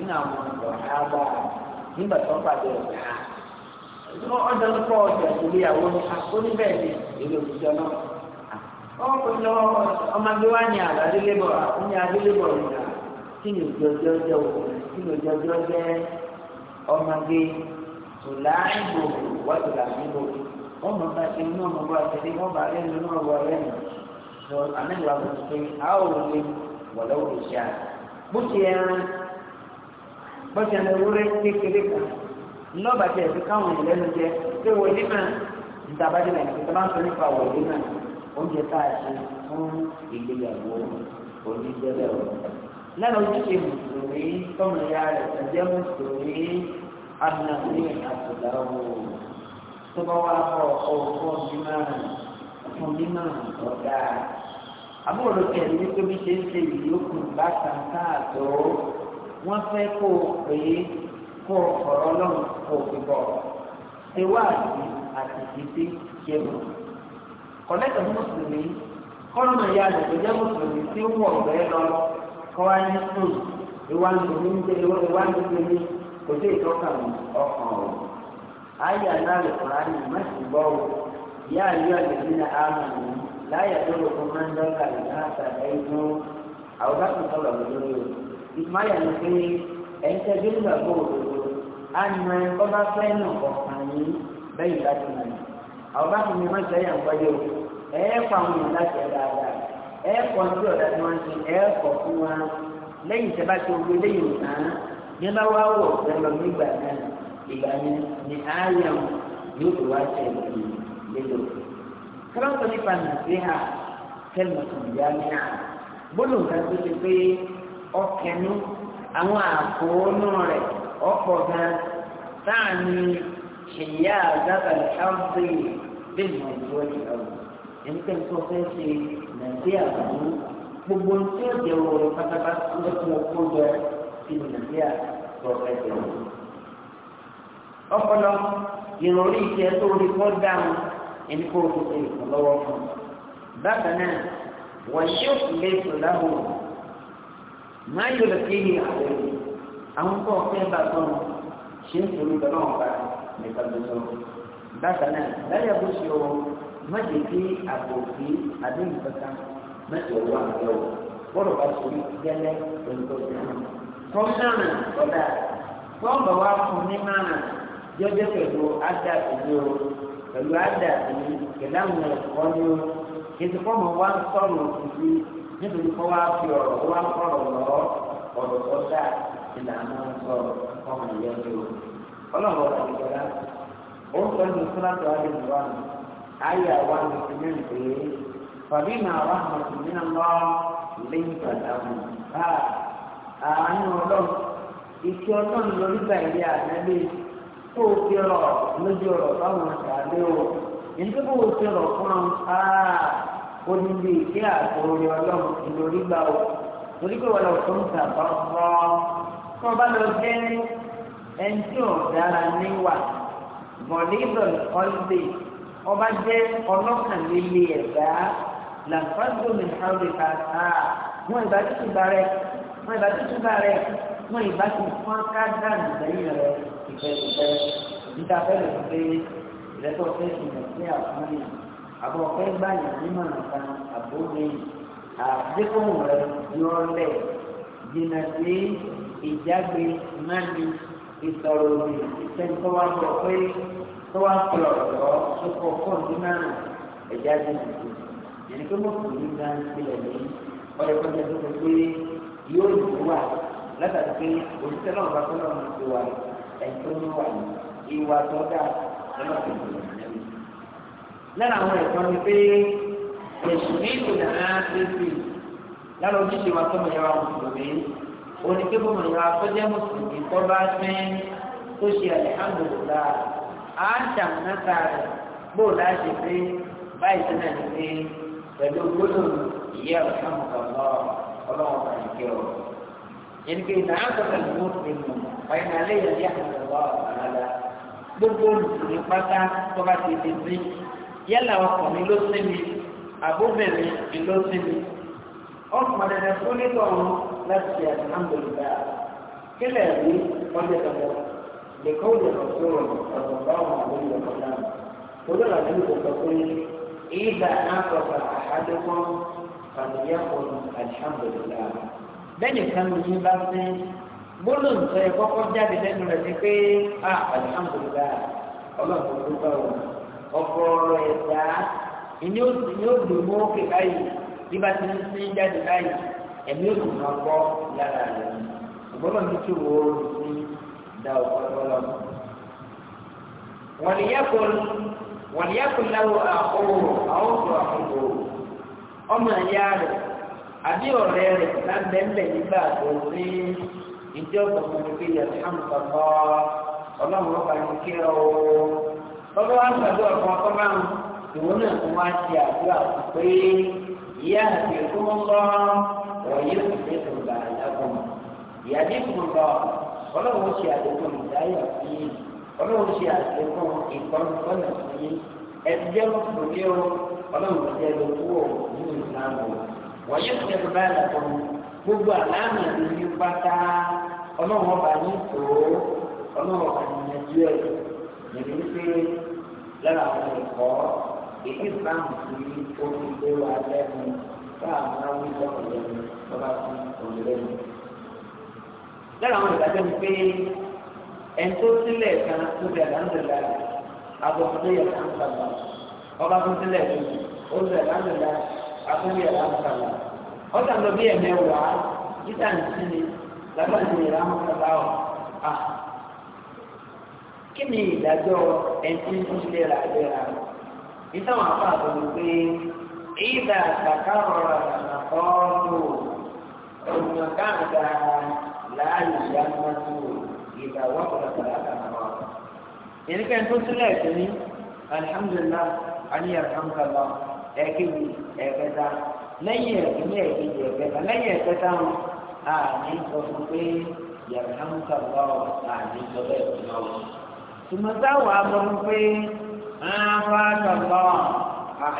nínú àwọn ọ̀hábà nígbà tó ń pàdé ọ̀gá ọjọ́ ń kọ́ ọjà ìgbéyàwó ni àkóníbẹ̀ ni èlò òṣìṣẹ́ náà ọkùnrin lọ ọmọdé wa ní àlọ́ adélébọ̀ àkúnyẹ adélébọ̀ nìyà kí ni òjò ọjọ́ ọjọ́ òkùnrin kí ni òjò ọjọ́ jẹ́ ọmọdé tòláìbò wọ́tò làbíbò wọ́n mọ̀ bá ti inú ọmọ bá ti dé wọ́n bá lẹ́nu náà wọ lẹ́nu lọ àmẹ́lẹ́wà kò tó a ò lè wọ̀lọ́wọ́ ìṣá bó ti ẹran bọ́sẹ̀ ẹ̀rọ ewúrẹ́ kékeré kan lọ́ọ̀bà tẹ̀ ẹ̀sìn káwọn èèyàn lẹ́nu jẹ pé wọ́n ní náà ìtàbájẹ́ náà ìpínlẹ̀ máa ń sọ nípa wọ̀ ní náà oúnjẹ tá a ṣe fún ìgbéyàwó oníjẹ́lẹ̀ ọ̀rọ̀. lẹ́nu ojúṣe mùsùlùmí tọ́mù ya rẹ̀ ẹ̀jẹ̀ mùsùlùmí adùnàmí àtìlárọ̀ tó bá wà kọ́ ọ̀fọ́ mímọ́ fún mímọ́ ọ̀dà. àbúrò kẹ̀lé tó bí ṣe ń ṣe wọ́n fẹ́ kó o pè é kó o ọ̀rọ̀ ọlọ́run kó o fi bọ̀ ṣe wá àti àti ìdí ṣe mọ̀. kọ̀lẹ́tọ̀ mùsùlùmí kọ́nà ya àgbẹ̀tọ̀ jẹ́ mùsùlùmí tí ó wọ̀ ọ̀bẹ lọ kọ́ wá ní sùn ìwà lùmí ń gbé ìwà lùmí ní kò sí ìtọ́ka ọkàn o. ayé aláàlẹ̀ kùránì mẹ́sì gbọ́ o ìyá àyè àgbẹ̀bí na àmà ní láyà tó lọ fún mẹ́ńdọ́kà ìgbà àtàlẹ́ ìgbó àwọn bá tún sọ̀rọ̀ lórí o ìsmáyà ni pé ẹ̀yin tẹ́ bí nígbà gbọ́ òdodo á ní wọn kọ́ bá fẹ́ náà ọ̀kan yìí bẹ́yìn láti mọ̀ ní. àwọn bá fi mi wọ́n ṣe yàn wáyé o ẹ̀ẹ́kọ̀ àwọn èèyàn láti ẹ̀ dáadáa ẹ̀ẹ́kọ̀ tí ọ̀dà tí wọ́n ti ẹ̀ẹ́kọ̀ fún wa lẹ́yìn tẹ́ bá ti gbé lẹ́yìn òtá ní bá wá wọ̀ ọ̀sẹ̀ lọ nígbà náà ìgbà ni ni ààyàn yóò tó wá ṣe ìlú lélo. kọ́lọ́kọ́ nípa nàìjíríà tẹ́lẹ̀ mọ̀tò ọkẹnu àwọn àkóónú rẹ̀ ọ̀pọ̀ gan sáàni ṣèyá àgbàkàlẹ ṣáàbì bẹ́ẹ̀ ní ọjọ́ ìyàwó ẹni tẹ́ fẹ́ ṣe nàìjíríà pẹ̀lú gbogbo tí ó jẹ́ wọlé pátápátá lọ́kùn ọkọ̀ jọ sí nàìjíríà tọ́ fẹ́ jẹ́ wọlé. ọpọlọ ìròrí iṣẹ́ tó rí kọ́ dáhùn ẹni kó o ti ṣe fún un. bákan náà wọ́n máa yọ lọ́kẹ́ ní àlẹ́ àwọn kọ́ ọ̀fẹ́ bá tọ́ ṣe ń torí bẹ́ẹ̀ náà bá nìkan tó sọ bákan náà láyà bó ṣe ọ má lè dé àbò òfin àdéhùn kankan má lè wọ àbẹ̀ ọ bọ́dọ̀ bá ṣe gẹ́lẹ́ olùkọ́ sí ọ̀nà kọ́mínàrà ọ̀dà fọ́ọ̀bà wa fún ní márùn jọjọ pẹ̀lú ádà ìlú o pẹ̀lú ádà ìlú pẹ̀lú àwọn ẹ̀kọ́ ní o kìtìkọ́ mọ̀ wá sọ̀rọ̀ òkùnkùn nítorí kọ́ wá fi ọ̀rọ̀ wá kọ̀rọ̀ lọ ọ̀rọ̀ tó dà ìlànà sọ ọmọ ìyá tó ọlọ́run ọ̀rọ̀ ìjọba ó sọ ní sọ́nàtò àdéhùn ayé àwa ní sinmi pé fàbí náà wà hàn sí nínú lọ lẹ́yìn pàtàkì bá àánú ọlọ́run ìṣe ọlọ́run lórí bàìlẹ̀ ànábì kó o fi ọ̀rọ̀ lójú ọ̀rọ̀ báwọn ṣàlẹ́ o ìdíbò ó ní bí ìṣe àtòrí ọlọ́run ìlórí gbà ó torí pé wọn lọ fún ìtàbọ̀ ọ́ tí wọn bá lọ jẹ́ ẹni tí ò dára níwà mọ̀lẹ́dọ̀lù ọ̀lẹ́ ọba jẹ́ ọlọ́kànlélẹ̀ ẹ̀dá làǹfààní àwòrán àtà wọn ìbá tuntun bá rẹ wọn ìbá tuntun bá rẹ wọn ìbá ti fọ́n ká dànù rẹ ìfẹ́ ìfẹ́ níta fẹ́ lè fi pé ìrẹ́pọ̀ fẹ́ ìrìn sí àwọn àbọ̀ ọ̀fẹ́ gbàyàn nímọ̀ nǹkan àbóyè àdékòwò rẹ̀ yọ lẹ̀ jìnnà sí ìjágbe mẹ́ni ìsọ̀rọ̀ òbí ìsẹ́ńtọ́wá bọ̀ pé tọ́wá pọ̀lọ̀ lọ́ sókò fóònù náà ẹ̀já ti dùkú yẹn pé mo kùn ní gan sílẹ̀ ní ọ̀rẹ́ pẹ́ẹ́jẹ́ tó ti pé yóò dùn wà látàrí pé òṣìṣẹ́ náà bá fẹ́ lọ́nà ti wà ẹ̀ńtọ́ wà ìwà tó dáa lọ́nà tó dùn lára àwọn ẹ̀kọ́ ni pé èsù ní ìkùnà áńtẹ́sì lára ojúṣe wa tọ́mọ ìyára mùsùlùmí òní pé bọ́mọ ìyára tó jẹ́ mùsùlùmí tó bá fẹ́ tó ṣe àlẹ́hàmùlùlá á ṣàmùnáta rẹ̀ bóò láṣẹ pé báyìí tó náà ní pé pẹ̀lú gbọ́dọ̀ ìyá ọ̀ṣàmùkọ̀ọ́ ọlọ́wọ́ bàjẹ́ ọ̀ yẹn pé ìdáná sọ̀rọ̀ ìlú ìlú ọ̀yìn alẹ́ yẹn yá àmọ̀ ọ̀ṣàmùlá gbogbo olùsùnmí pátá tó yálà ọkọ̀ mi ló sí mi àbóbìnrin mi ló sí mi ọkùnrin dandan fún nígbà wọn láti ṣe àtàǹdòlùbá kílẹ̀ rí ọjọ́ dandan lẹ́kọ́ òjòkó tó rọ̀ ọ̀sọ̀ báwọn àwọn òjòkó náà olú ọ̀la ní ìgbòkó pé ìgbà ah, àkọ́kọ́ àhádọ́gbọ́n fàmìyàkùn àtàǹdòlùbá bẹ́ẹ̀ni kan ọ̀pọ̀ ẹ̀dá ìní ó dùn mú òkè báyìí bí bá ti ń sin jáde báyìí ẹ̀mí ò dùn máa bọ́ lára rẹ̀ ìgbọ́dọ̀ ní kí wo sí da ọ̀pọ̀lọpọ̀ lọ. wọ́n ní yẹ́kùn láwọ̀ àkóró àwọn òṣù àkóró ọmọ ẹ̀yà rẹ̀ àbí ọ̀rẹ́ rẹ̀ lábẹ́ńbẹ̀ nígbà tó ní ìjọba ọmọdé yẹn hàn bọ́bá wá gbàgbọ́ ọ̀kan ọkọ máa ń ìwọ náà kó wá ṣe àdúrà fún pé ìyá àti ẹ̀kọ́ ń lọ wọ̀nyí kò dé tó gbà lágùn. ìyáde kò lọ ọlọ́run ṣe àdékùn ìdáyọ̀ sí i ọlọ́run ṣe àdékùn ìkọ́nùkọ́nà sí i ẹ̀jẹ̀ lókè o ọlọ́run ṣe lókù o nínú ìsìlámù wọ̀nyí kò dé tó gbà gbogbo àlàáfíà ló pátá ọlọ́run ọba ní tòó ọlọ́run ọba ní ẹjọ́ ẹ̀ lára àwọn ẹ̀kọ́ èyí sáàmù sí orí ìgbéró alẹ́nu sáàmù àwọn ìjọba lẹ́nu lọ́ba fún òǹdẹ́nu. lára àwọn ìdájọ́ ni pé ẹni tó sílẹ̀ kan tó bẹ̀rẹ̀ láńdẹ̀lá àbọ̀mọdé yẹn kan sábà ọba tó sílẹ̀ kan ó bẹ̀rẹ̀ láńdẹ̀lá àbọ̀mọdé yẹn kan sábà ọ̀sán lọ bí ẹ̀mẹ́wàá yíta ń sí ni lábàá ní ìlànà sábà ọ̀ ah, kí ni ìdájọ́ ẹtí ń lera lera ìtàwọn àpáàbò ni pé ìdá àtàkárọ̀rọ̀ àkọ́ọ̀lù ọ̀nà káàdà láàyè ìyámọ́tò ìdá wọ́pọ̀lọpọ̀ àtàkárọ̀. ìrìkẹ́ tó sílẹ̀ tó ní alhamdulillah ani alhamdulillah ẹ̀kejì ẹ̀kẹta lẹ́yìn ẹ̀kíní ẹ̀kejì ẹ̀kẹta lẹ́yìn ẹ̀kẹta wọn àní sọ fún pé yàrá hamdulillah àní sọ bẹ́ẹ̀ ṣùgbọ́n táwọn abọ́ ń pé àwọn àgbàgbọ́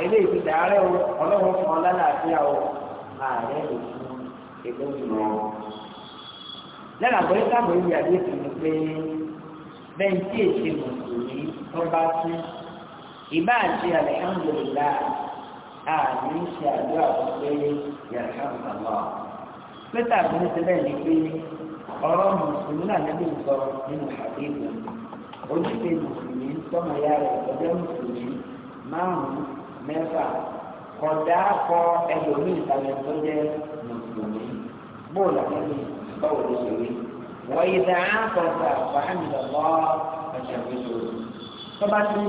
ilé ìfìdá rẹ o ọlọ́run fún ọ lálàáfíà o ààrẹ lè fún ètò ìmọ̀ pé bẹ́ẹ̀ tí èsì tó bá ìbá àti ṣe àdúrà fún pé yàrá pété àbúrò ti bẹ́ẹ̀ ni pé ọ̀rọ̀ mùsùlùmí náà sọ ojúṣe mùsùlùmí tọmọ ya rẹ ọjọ mùsùlùmí márùn mẹ́fà kódà kọ ẹlòmíì ìtàlẹ tó jẹ mùsùlùmí bóòlù àtẹlẹ báwo ló ṣe wí. wọ́n yìí dá àkọ́sà fàánì lọ́wọ́ ọ̀ṣẹ̀gbẹ̀ṣọ. tọ́ba tí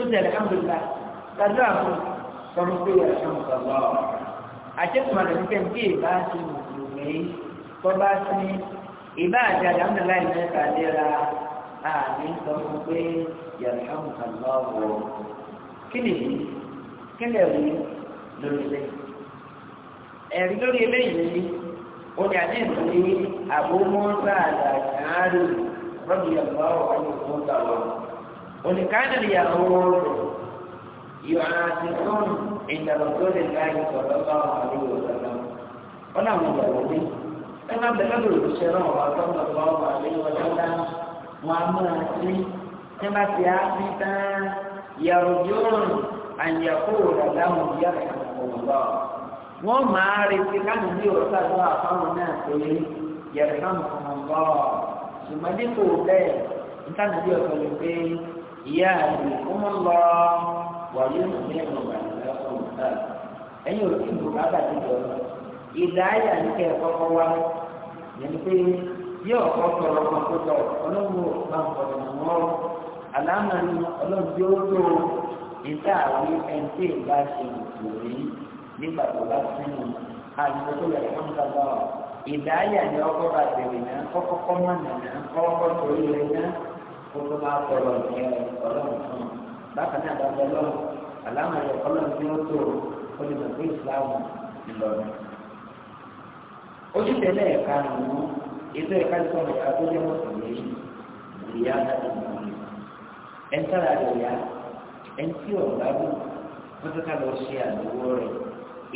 ó tẹ̀lé hàmdùlá tàbí àwọn tọ́mú pé ẹ̀ṣọ́ lọ́wọ́. àṣẹ́kùnmọ̀ lè fẹ́ bí ìbá ti mùsùlùmí tọ́ba tí ìbá àti àdámdùlá ìmẹ́ta àmì sọ fún pé yàtọ̀ nǹkan lọ́wọ́ kí ni yìí kí lè rí lórí lé ẹ̀rí lórí eléyìí ó ní àdé ìtòlí àbúmọ́sá àdàkàárù rọ́bì ọ̀gbọ́n ọ̀hún tó ń tàwọn oníkàánì ìyàwó rẹ̀ yóò àti sọ́ọ̀n ìdàgbàsókè láì sọ̀rọ̀ báwọn àríwò sọ̀rọ̀ wọn làwọn ìyàwó ní ẹ má bẹ̀rẹ̀ lòdì ṣẹlẹ̀ ọ̀hún àtọ́nà báwọn àríwò sọ̀rọ̀ wọn a máa sí tí wọ́n bá ti á sí tán yàrùjọ́rùn àyàkó ìrọ̀láhùn yàrá ìrọ̀lọ́ wọ́n máa retí káàmù bí òrùka tó àfáwọn náà pé yàrá ìrọ̀lọ́ ṣùgbọ́n dípò bẹ́ẹ̀ nítorí bí ọ̀sán lè pé ìyá àti ọmọ wà yóò ní ẹ̀rọ ìgbàlódé ọ̀hún náà ẹ̀yìn òtún bùkátà ti jọ ìdáyà ní kẹ́ ẹ̀kọ́kọ́ yóò kọ́ sọ̀rọ̀ kan tó tọ̀ ọlọ́run bá ń kọ̀ ọ̀nà mọ́ àlámà ni ọlọ́run yóò tó níta àwọn ẹ̀ńtẹ́ ìgbà ṣe ìwòrí nígbà tó bá sínú àlùkò tó yẹ kó ń bàbá ọ ìdáyà ni ọkọ bá tẹ̀lé náà kọ́kọ́ kọ́ mọ́ nàná kọ́kọ́ torí rẹ̀ náà kó tó máa tọrọ ẹ̀ ọlọ́run fún un bákan náà bá bẹ lọ́wọ́ àlámà yẹ ọlọ́run yóò tó ó lè mọ̀ pé ìsìláàmù ìlọrin. ojútẹ̀lẹ̀ ẹ̀ka ètò ẹ̀ka tó ń ta tó jẹ́ mọ̀sùlùmí ìyá àti ìmọ̀lẹ́ ẹ̀ńtàrà rẹ̀ yá ẹ̀ńtí ọ̀gá bù wọ́n tó ká lọ ṣe àdúgbò rẹ̀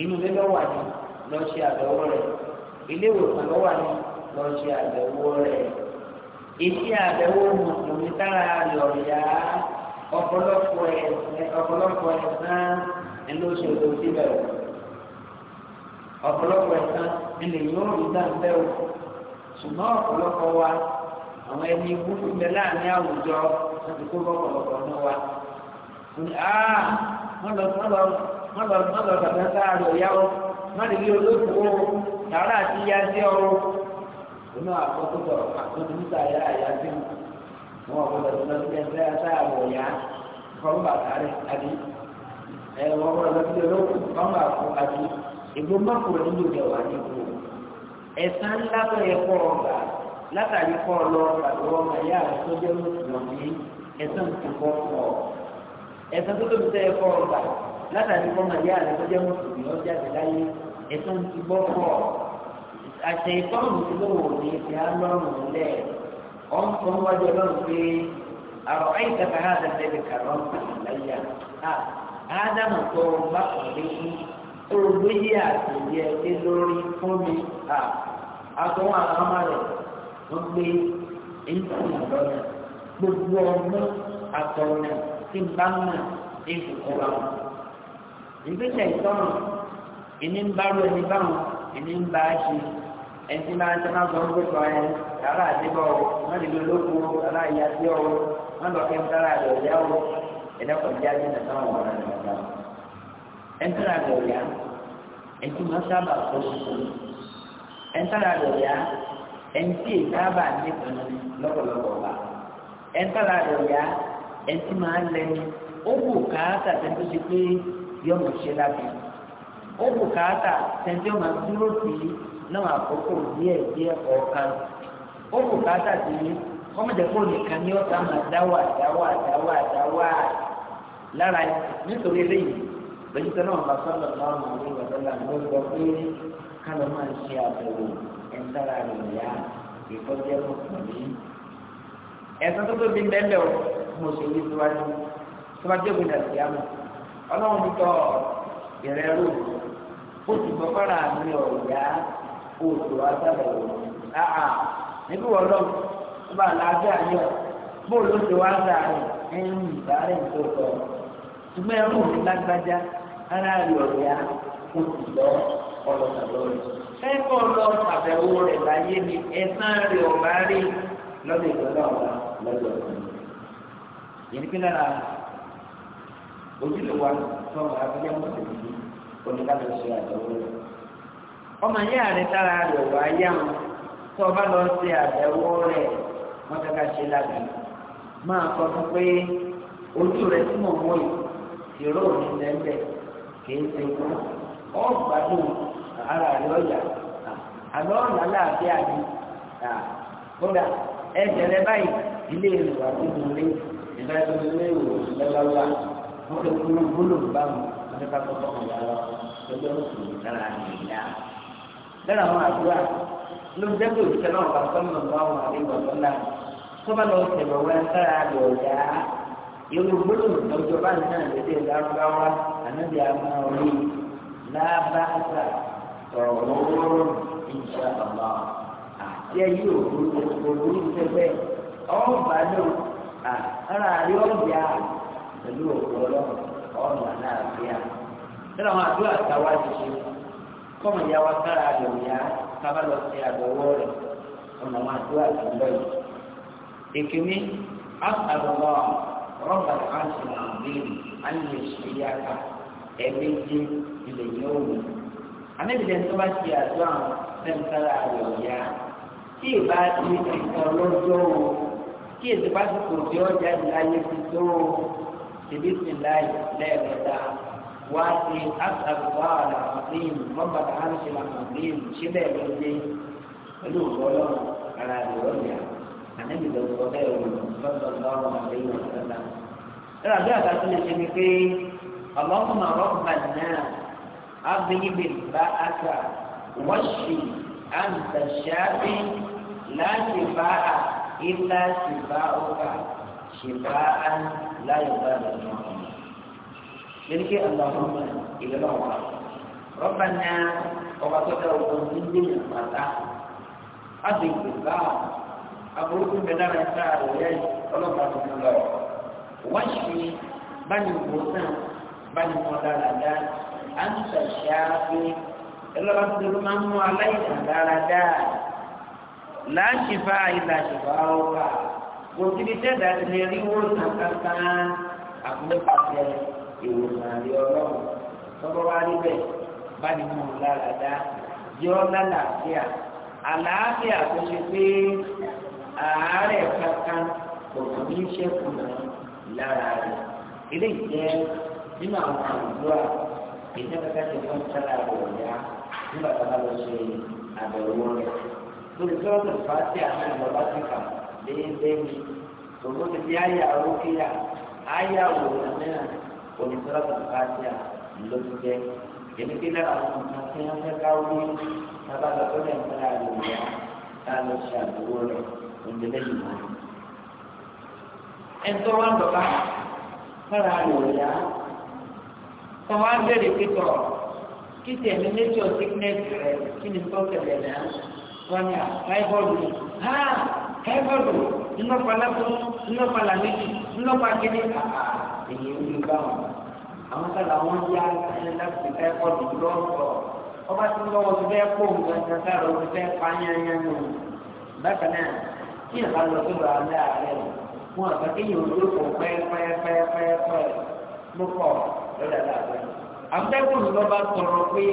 inú ilé lọ́wọ́ ni lọ ṣe àdúgbò rẹ̀ ilé ìwòsàn lọ́wọ́ ni lọ ṣe àdúgbò rẹ̀ èsì àdúgbò mùsùlùmí tára lọ ọ̀pọ̀lọpọ̀ ẹ̀sán ẹ̀ló ṣe lọ síbẹ̀ ọ̀pọ̀lọpọ̀ ẹ̀sán ẹ̀lè ṣùgbọ́n ọ̀pọ̀lọpọ̀ wa àwọn ẹni wúlò bẹ láàrin àwùjọ àti kó lọ́pọ̀lọpọ̀ mọ́ wa. wọ́n lọ bàbá sáàrù ọ̀yáwó wọ́n lè rí olóògbé o tààrà àti ìyá sí ọrọ̀. inú àkọ́kọ́ àkọ́kọ́ níta ìyá ìyá sí wọn ọ̀pọ̀lọpọ̀ tó lọ sí ẹgbẹ́ sáàrù ọ̀yá kọ́ńbà bàtàrẹ̀ àbí ẹ̀wọ̀n ọ̀pọ̀lọpọ̀ tó lọ sí olóògbé kọ́ńbà àti ìgbó mọ́kùnrin nílò ẹ̀sán ńlá tó yẹ kọ́ ọgbà látàrí kọ́ ọ lọ pàtó ọmọ ìyá rẹ tó jẹ́ mùsùlùmí ẹ̀sán ti kọ́ ọ ẹ̀sán tó tóbi tó yẹ kọ́ ọgbà látàrí kọ́ ọmọ ìyá rẹ tó jẹ́ mùsùlùmí ọjà ti láyé ẹ̀sán ti gbọ́ kọ́ àṣẹ ìtọ́nù tí ló wò ní ìfẹ́ alọ́run lẹ̀ ọ̀ ń sọ wájú ọlọ́run pé àrò àyíkàtà hàdà lẹ́bi kàrọ́ọ̀tì tó gbéyé àtẹ̀yẹ lé lórí fún mi à àtọ́wọ́n àkàmà rẹ̀ wọ́n gbé èyí lọ́nà gbogbo ọmọ àtọ̀nà tí ń bá mọ̀ èyí kọ́ wa mọ̀. ìgbésẹ̀ ìtọ́nà ìní ń bá rú ẹni báwọn ìní ń bá a ṣe ẹni tí máa ń tẹ́ máa ń sọ ń gbèsò ayẹ yàrá àdébọ̀ wọ́n lè lo lóko yàrá ìyá sí ọ̀rọ̀ wọ́n lọ kẹ́ ń sára àdọ̀dẹ́ ọ̀rọ̀ ẹ̀dẹ́kọ̀ọ́ ẹ̀ńtàrà àgbẹ̀yà ẹ̀ńtí máa sábà kọ́ tuntun ẹ̀ńtàrà àgbẹ̀yà ẹ̀ńtí ìsábà nípìn lọ́pọ̀lọpọ̀ wa ẹ̀ńtàrà àgbẹ̀yà ẹ̀ńtí máa lẹ́nu ó kù káàtà tẹ́tí ti pé yọmọ ṣe lábẹ́ ó kù káàtà tẹ́tí ọmọ dúró sí náà àkókò díẹ̀ díẹ̀ ọ̀kan ó kù káàtà sí kọ́mọ̀dé kó nìkan ní ọ̀sán máa dáwà dáwà dáwà dáwà lára nítorí eléyìí lójútọ́ náà bá sọ́dọ̀ báwọn àwọn ìgbàdọ́là ló gbọ́ pé kálọ̀ máa ń ṣe àbẹ̀wò ẹ̀ńtàrà rẹ̀ yá ìkọ́jẹ́ mọ̀kànlí. ẹ̀sán tó tóbi ń bẹ́ẹ̀ lọ mo ṣe wí síwájú tó bá dé ògbìn àti àmọ́ ọlọ́run ní tọ́ ìrẹ́rù ó ti gbọ́ fara mi ọ̀yá òòtò àtàbẹ̀wò àà níbi wọ́n lọ tó bá láàbẹ̀ àyọ̀ bóòlù ó ti wá sáà rẹ̀ ẹ̀yìn ìbárẹ̀ ìtòkọ̀ ṣùgbọ́n ẹ̀rù lágbájá ara yọ̀ọ̀yà kò sì lọ ọlọ́sàbọ̀ rẹ̀. Fẹ́kọ̀ lọ àbẹ̀wò rẹ̀ láyé ni ẹ̀sán rẹ̀ ọ̀bá rí lọ́dọ̀ ìgbọ́dọ̀ ọ̀la lọ́dọ̀ ọ̀la. Yẹ̀ni pé lára ojúlówó àtọ́mọ abíyá mọ̀tẹ̀lẹ́bí ṣe Ọmọ yẹn àrẹ yá wọn tó lọ ṣe Máa pé ojú tí mò ń yìí kìí ṣe kú ọgbà tó ara rẹ ọjà àmọ́ ọ̀nà aláàbíà ni kódà ẹsẹ̀ rẹ báyìí ilé ìwà tó ń lé ìgbà tó ń lé ìwòsàn lọ́wọ́lọ́wọ́ wọ́n ti kúrú gbólóhùn báwọn wọ́n ti ká tó tọkàn yà lọ lọ́jọ́ oṣù lára nìyà. lẹ́nu àwọn àdúrà ló ń dẹ́gbẹ́ òṣìṣẹ́ náà bá sọ́nà bá wọn àríwá lọ́la tó bá lọ sẹ̀rọ̀ wẹ́ lọ́ọ̀yà irú gbólóhùn lọ́jọ́ báyìí náà lédè lárúbáwá ànábì àmà orí lábáàtà ọ̀rọ̀ wọ́ọ́rọ́ insha Allah àti ẹ̀yí òkúrú pẹ́pẹ́ ọ̀bà náà ara rí ọ̀bìà pẹ̀lú òkú ọlọ́run ọ̀nà náà fi hàn. nínú àwọn àdúrà táwa ti ṣe kọ́mọ ìyá wa kára àdùn yá kábà lọ sí àdọ̀wọ́ rẹ̀ ọ̀nà àwọn àdúrà tó ń bọ̀ yìí. èkìní àtàlọ́wọ́ rọ́bà àti ìbéèrè àyè ìṣèyàtà ẹ̀mí jẹ́ ilẹ̀ yóò wù. àmẹ́bìlẹ̀ tó bá ti àdúrà fẹ́ǹtàrà rẹ̀ ọ̀yá tí ìbá ti ẹ̀ka ọlọ́jọ́ o tí èsì bá ti kò tí ó jáde láyé ti tó o ṣèbí sí láì lẹ́ẹ̀mẹ́ta wá sí àtàkùwá àlàmọ́sìn rọ́bà àti ìlàmọ́sìn ṣílẹ̀ lọ́jẹ́ pẹ̀lú ìwọ́lọ́ ara rẹ̀ ọ̀yá ànábì lọ sọ bẹ́ẹ̀ wò sọ́dọ̀ lọ́rùn àlẹ́yìn ọ̀sẹ̀lá. ẹ̀rọ bí àgbà tó lè ṣe ni pé ọlọ́run ọ̀rọ̀ bà náà abíyíbi bá àkà wọ́ṣì àǹtàṣáàbí láti bá a ilá sì bá ọkà sì bá a láyé bá a lọ́nà. lórí pé ọlọ́run ìlú ọ̀wà rọ́bà náà ọba tó dá ogun nílé ìpàtà abíyíbi bá a aburúkú bẹ lára ẹ̀ka àwòrán yìí ọlọ́pàá tuntun lọ. wọ́n ṣe báyìí wò náà báyìí wọn dáradá à ń tẹ̀síá pé ẹlọ́ba tuntun ló máa ń mú aláìsàn dáradá. láṣìfà ìlàṣìfà ọba kò sí ibi tẹ́ẹ̀dá ti lè rí wòsàn kankan àfúnpàṣẹ ìwòsàn àlè ọlọ́run tọ́gbọ́ wá rí tó ṣe pé àárẹ̀ kankan kò tún ní ṣẹ́kù náà lára rẹ̀ eléyìí jẹ́ nínú àwọn àdúrà èyí náà kankan ṣe fún sára rẹ̀ ọ̀yá nígbà tó bá lọ ṣe àbẹ̀wò rẹ̀ lórí tí wọ́n tó fà á sí àwọn ìlú ọba ti kà déédéé ni òun ti di àyà orókèyà àyà òwòrán náà òní tí wọ́n tó fà á jẹ́ èmi lára àwọn nǹkan tí wọ́n fẹ́ ká wí tábàlọ́pọ̀ lẹ́yìn sára rẹ̀ ọ̀yá tá a òǹdẹ̀lẹ̀ yìí mọ́. ẹ̀ńtọ́ wa ń bàbá kára rẹ̀ ò yá tọ́wọ́ á bẹ̀rẹ̀ pẹ̀tọ̀ kí tẹ̀mí nature sickness rẹ̀ kí ni tó tẹ̀lé náà wọ́n ní àìbọ̀dù ha àìbọ̀dù ńlọ́pàá lápò ńlọ́pàá làmẹ́jì ńlọ́pàá kíní èyí ń bí báwọn àwọn sábà wọn yá ẹni láti fẹ́ bọ́ọ̀dù lọ́sọ̀ọ́ ọba tí ń lọ́wọ́ ti fẹ́ pọ̀ nǹkan kan sára ó ti fẹ́ pa yányán nù bákan náà tí ìyàbá lọ sí ọ̀rọ̀ alẹ́ àárẹ̀ o wọn àgbà kéèyàn olóko pẹ́ẹ́pẹ́ẹ́pẹ́ẹ́pẹ́ ló kọ̀ lọ́dà láàbẹ̀. àbẹ́kùn ló bá tọrọ pé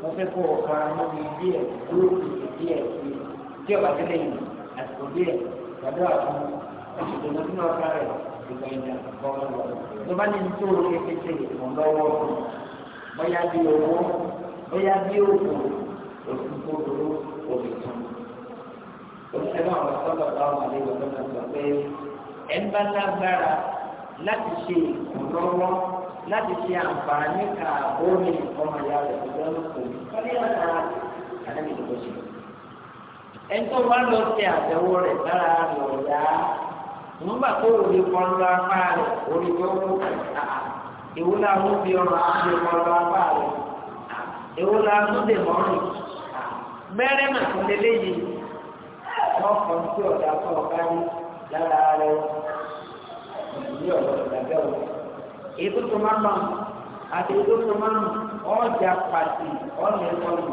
mo fẹ́ kó o fara mọ́ mi díẹ̀ lóòkù díẹ̀ sí i tí ọba tẹ́lẹ̀ yìí àsìkò díẹ̀ gbàdúrà fún oṣù tó lọ́dún ọ̀ká rẹ̀ ìgbà ìjà kọ́kọ́ lọ. ló bá ní ní tó o kékeré ìfọ̀nlọ́wọ́ bóyá bí owó bóyá bí òkú òsì tó dúró òbí tán òṣèlú àwọn sọ́dọ̀ táwọn àlejò ọ̀dọ́ sọ pé ẹ ń bá lágbára láti ṣe ìkùnlọ́wọ́ láti ṣe àǹfààní kààbó ní ọmọ ìyá rẹ̀ tó lọ́nà kò ní kọ́lé látara àdébí tó ṣe. ẹni tó wá lọ sí àtẹ̀wò rẹ̀ lára lọ yá nígbà tó òde kan lọ apá rẹ̀ orí tó kú ìwú la mú bí ọrọ̀ àti ìmọ̀ lọ apá rẹ̀ ìwú la mú dè mọ́rin bẹ́ẹ̀rẹ̀ màtún lélẹ́yìí wọn kàn sí ọ̀dà tó ọ̀gá ní lára rẹ ní ọ̀dọ̀ ìdàgbẹ́ wọn. èyí tó tó máa ń mọ̀ àti èyí tó tó máa ń mọ̀ ọjà pàtì ọ̀nà ẹ̀kọ́ nù.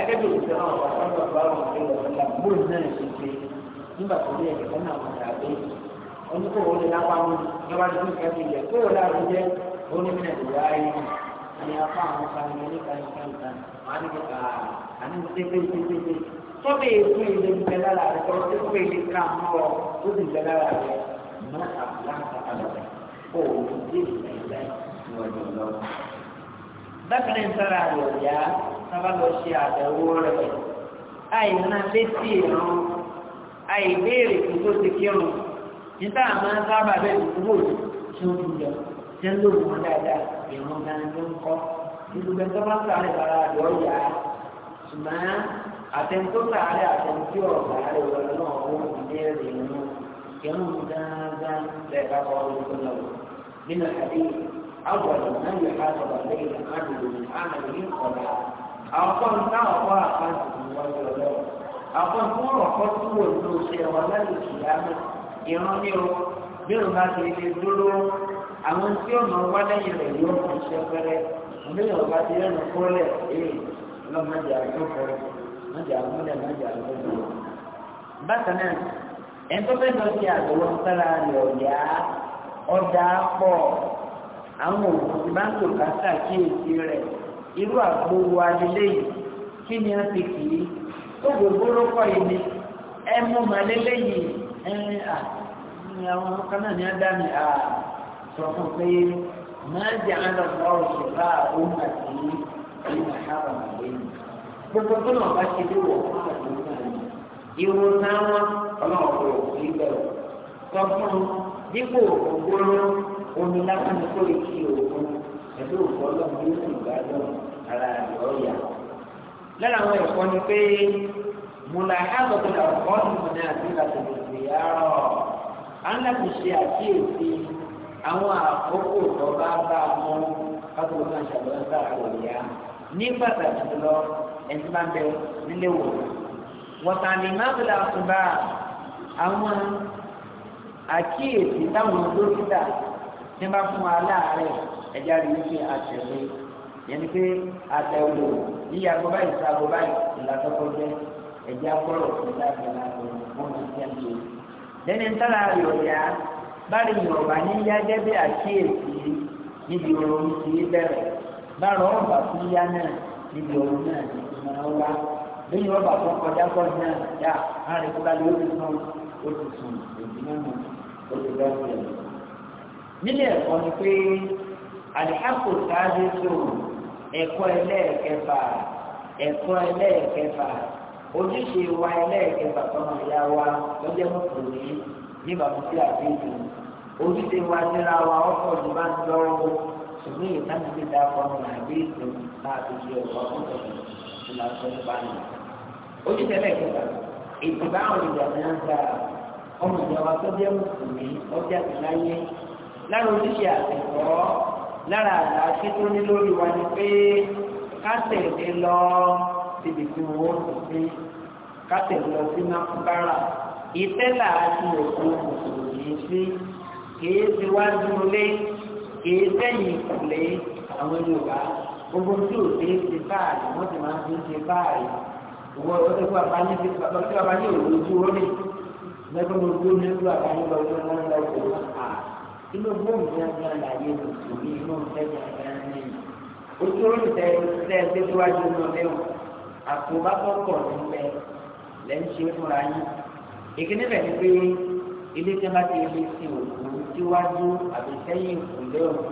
ẹgbẹ́ bí òṣèlú náà wà fún ọ̀dọ̀ bá wọn lé wọn lọ bóun náà ṣe ṣe nígbà tó ní ẹ̀kẹ́ náà wọn dà gbé. oníkó wọlé lápá mú yọba tó ní kẹ́kẹ́ ilẹ̀ kó wọlé àrùn jẹ́ onímọ̀ ìwà ayé ni apá àwọn kan ní oníkan tó bẹ èkó ilé ìgbẹ́ lára rẹ̀ tó ti pé ilé kan mọ́ ọ tó ti gbẹ́ lára rẹ̀ mọ́ àbúrò àbàlẹ̀ kó o ní dé ìgbà ìgbà ìwọ̀nyí lọ. bákan náà sára rẹ̀ ọ̀yá sábà lọ ṣe àbẹ̀wò rẹ̀ àìná létí ìrún àìbéèrè kí tó ti kírun níta àmọ́ sábà bẹ́ẹ̀ tó wò tí ó ń yọ tí ó ń lò wọ́n dáadáa ìrún gan-an ló ń kọ́ ìdùgbẹ́ tó bá ń sáré bàrà àdó ọ̀yá ṣùgbọ́n àtẹnudó sàárẹ̀ àtẹnudí ọ̀rọ̀ sàárẹ̀ ọ̀rọ̀ náà wọ́n ti bẹ́ẹ̀rẹ̀ inú kẹrùn gángan lẹ́ẹ̀ka kọ́ ọdún tó lọ. nínú àdé àwọn ọ̀nà yóò ká sọ̀rọ̀ lẹ́yìn àdúgbò àmàlẹ́ yìí kọ̀ọ̀dà. àwọn kan táwọn kọ́ àkáǹtì tó wọ́n lọ lọ. àwọn tó wọ́n kọ́ tó wò ló ṣe wọn láti kìlámù ìran ní o bí o bá ti lè dúró àwọn tí ó mọ wá lẹ́yìn rẹ̀ yóò fi ṣe fẹ́rẹ́ bí o bá ti lẹ́nu kólẹ̀ èyí ọlọ́mọ jẹ àjọpọ̀ mọ̀jẹ̀ àmúlẹ̀ àwọn òkùnkùn bá ń irú yìí kí ni a ti kì í tó gbogbo ló kọ́ ìní ẹ mú màlẹ́lẹ́ yìí ẹ àwọn kan ní á dá mi sọ fún pé máa jẹ́ àlọ́ ọ̀ṣẹ̀ bá òun gbogbo tó náà bá ṣe léwọ̀ ìwò táwọn ọlọ́wọ́ kò rí bẹ̀rù sọ fún un dípò ògbóró omi lásán kó ìkí òkun pẹ̀lú òkú ọlọ́run yóò sì gbádùn ara rẹ̀ ọ̀yà. lára àwọn ẹ̀kọ́ ni pé mùlá àgọ́tọ̀lá ọ̀gbọ́n mi náà ti là tẹ̀lé ìgbéyàwó à ń láti ṣe àkíyèsí àwọn àkókò tó bá bá a mú kákòókò náà ṣàlùwẹ́ sáà kò yá ní pàtàkì jùlọ ẹni máa ń bẹ nílé wò wọ̀tàní mábìlà àtúbà àwọn àkíyèsí táwọn dókítà tí wọ́n bá fún wa láàárẹ̀ ẹ̀já rí wípé àtẹ̀wé yẹn pé àtẹ̀wò yíya gbọ́ báyìí sá gbọ́ báyìí ìlàtọ́kọ́ jẹ́ ẹ̀já gbọ́rọ̀ ìlà ìlà ọ̀hún ọ̀hún ọ̀hún lẹ́ni ń tára rí ọ̀yá bá rí ní yá gẹ́gẹ́ bí àkíyèsí níbi orun ti bẹ̀rẹ̀ lára ọba tó yá náà níbi ọ̀rọ̀ náà ní ìmọ̀ràn ọba lẹ́yìn ọba tó kọjá kọ́ náà yá àárẹ̀ otu ló ti sùn otu sùn èdè náà ó ti bá ti rẹ̀. nílé ẹ̀kọ́ ni pé sáájú tó ẹ̀kọ́ ẹlẹ́ẹ̀kẹfà ẹ̀kọ́ ẹlẹ́ẹ̀kẹfà ojúṣe wa ẹlẹ́ẹ̀kẹfà tọ́mọ ìyá wa lọ́jọ́ mọ́tòlì ojúṣe wa wa ṣùgbọ́n èyí táwọn ti dá ọkọ ọmọ àbí ètò láti fi ọkọ ọmọ tọ̀tọ̀ tó la sọ nípa nù. ojúṣe lẹ́kẹ̀ẹ́ta ètò báwọn ìgbà náà gba ọmọ ìjọba tó jẹ́ mùsùlùmí ọjà tó láyé lára ojúṣe àtẹ̀kọ́ lára àlàáfí tó ní lórí wa ni pé kátẹ̀lé lọ síbi tí wọ́n ti sí kátẹ̀lé lọ sí nákúbárà ìtẹ́là àti òkú mùsùlùmí sí kì í ti wá dúró lé kìí sẹ́yìn ìkùlé àwọn Yorùbá gbogbo tí ò dé ti báàlì wọ́n ti máa fi ń ṣe báàlì wọ́n ó ti kó abáyé ti bàbá tí bàbá yóò lò ojú ó lè lẹ́gbẹ́ mo gbé ní ojú abáyé lọ sí ọmọ ńlá ìlú à inú gbóhùn ní ọjọ́ àlàyé mi kò ní inú sẹ́yìn àgbáyé mi ojú ó lè tẹ ẹ ṣe síwájú ní ọdẹ àpò bá tọkọ nílẹ̀ lẹ́yìn ṣe fúnra yín ìkíní bẹ̀ ni pé ilé tí a bá ti lè sí òkú síwájú àbí sẹ́yìn ìpínlẹ̀ òkú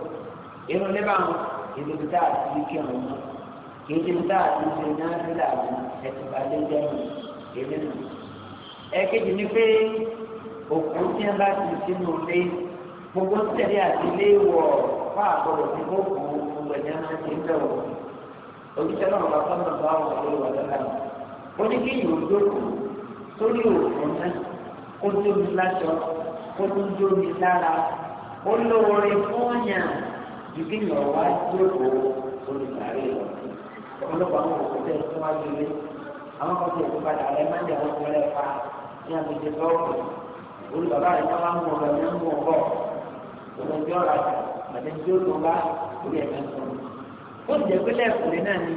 irun lẹ́bà ń ìdíbi tá a ti kí ọ̀run mọ́ ìdíbi tá a ti ṣe náà sílẹ̀ àwọn ẹ̀tùbà lé jẹ́nu ìlẹ́nu. ẹ̀kejì ni pé òkú tí a bá ti sínú ilé gbogbo tẹ̀lé àti ilé wọ̀ fún àbọ̀rọ̀ tí kò kú gbogbo ẹ̀jẹ̀ máa ti ń bẹ̀rù. òjíṣẹ́ náà wà fún ọ̀dọ̀ àwọn wà lọ́la. ó ní kí ìyóò dókòó sórí òkú náà kó tó mi láṣọ kó tó ń jó mi lára ó lóore fọ́ọ̀yà ju kí ni ọ̀wá jókòó olùdarí lọ. ọlọ́pàá àwọn òkú tẹ̀ tó wá gbélé àwọn kan tó èkó padà rẹ̀ máa ń dẹ̀wọ́ fún ẹ fa ní àgbèjẹ bọ́ọ̀lù olùbàbá rẹ̀ máa ń mú ọ̀rọ̀ ní mú ọ̀bọ̀ òun ti ọ̀rọ̀ àti àti tí ó tó bá orí ẹ̀ka sọ. ó ti jẹ́ pé lẹ́ẹ̀kùnrin náà ni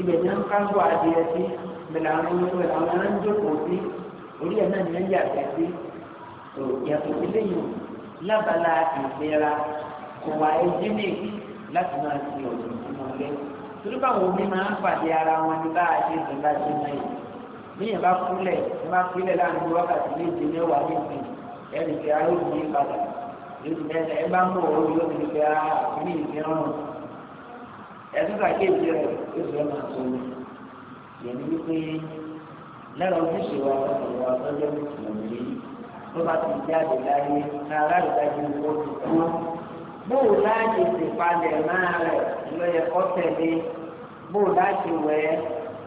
ibẹ̀ ní ká ń bọ̀ adìyẹ sí ìbẹ̀lẹ̀ àwọn olóńgbò àwọn ará ń jókòó sí orí ẹ̀ náà ní ẹ̀ ń yà gbàgbé tó yàtọ̀ sílé yìí lábala ìlera kò wá hygienic láti máa ti ọ̀dùn sínú ọ̀lẹ́ torí báwo ni máa ń pàdé ara wọn ní bá a ṣe sùn bá ṣe náà yìí bí yẹn bá kúlẹ̀ ẹ bá kúlẹ̀ láàrin wákàtí méje mẹ́wàá méje ẹnì kí ara yóò yí padà lórí mẹ́ta ẹ bá ń bọ̀ ọ́ yóò ní kí ní ìfẹ́ràn ẹ̀dúgbà kéèké rẹ̀ yóò lára ojúṣe wa ọ̀rọ̀ àtọ́jọ́ mùsùlùmí tó bá ti jáde láyé ara ìdájú owó ti kú. bóò láàyè ti palẹ̀ máa rẹ̀ lọ́yẹ kọ́ tẹ̀lé bóò láti wẹ̀ ẹ́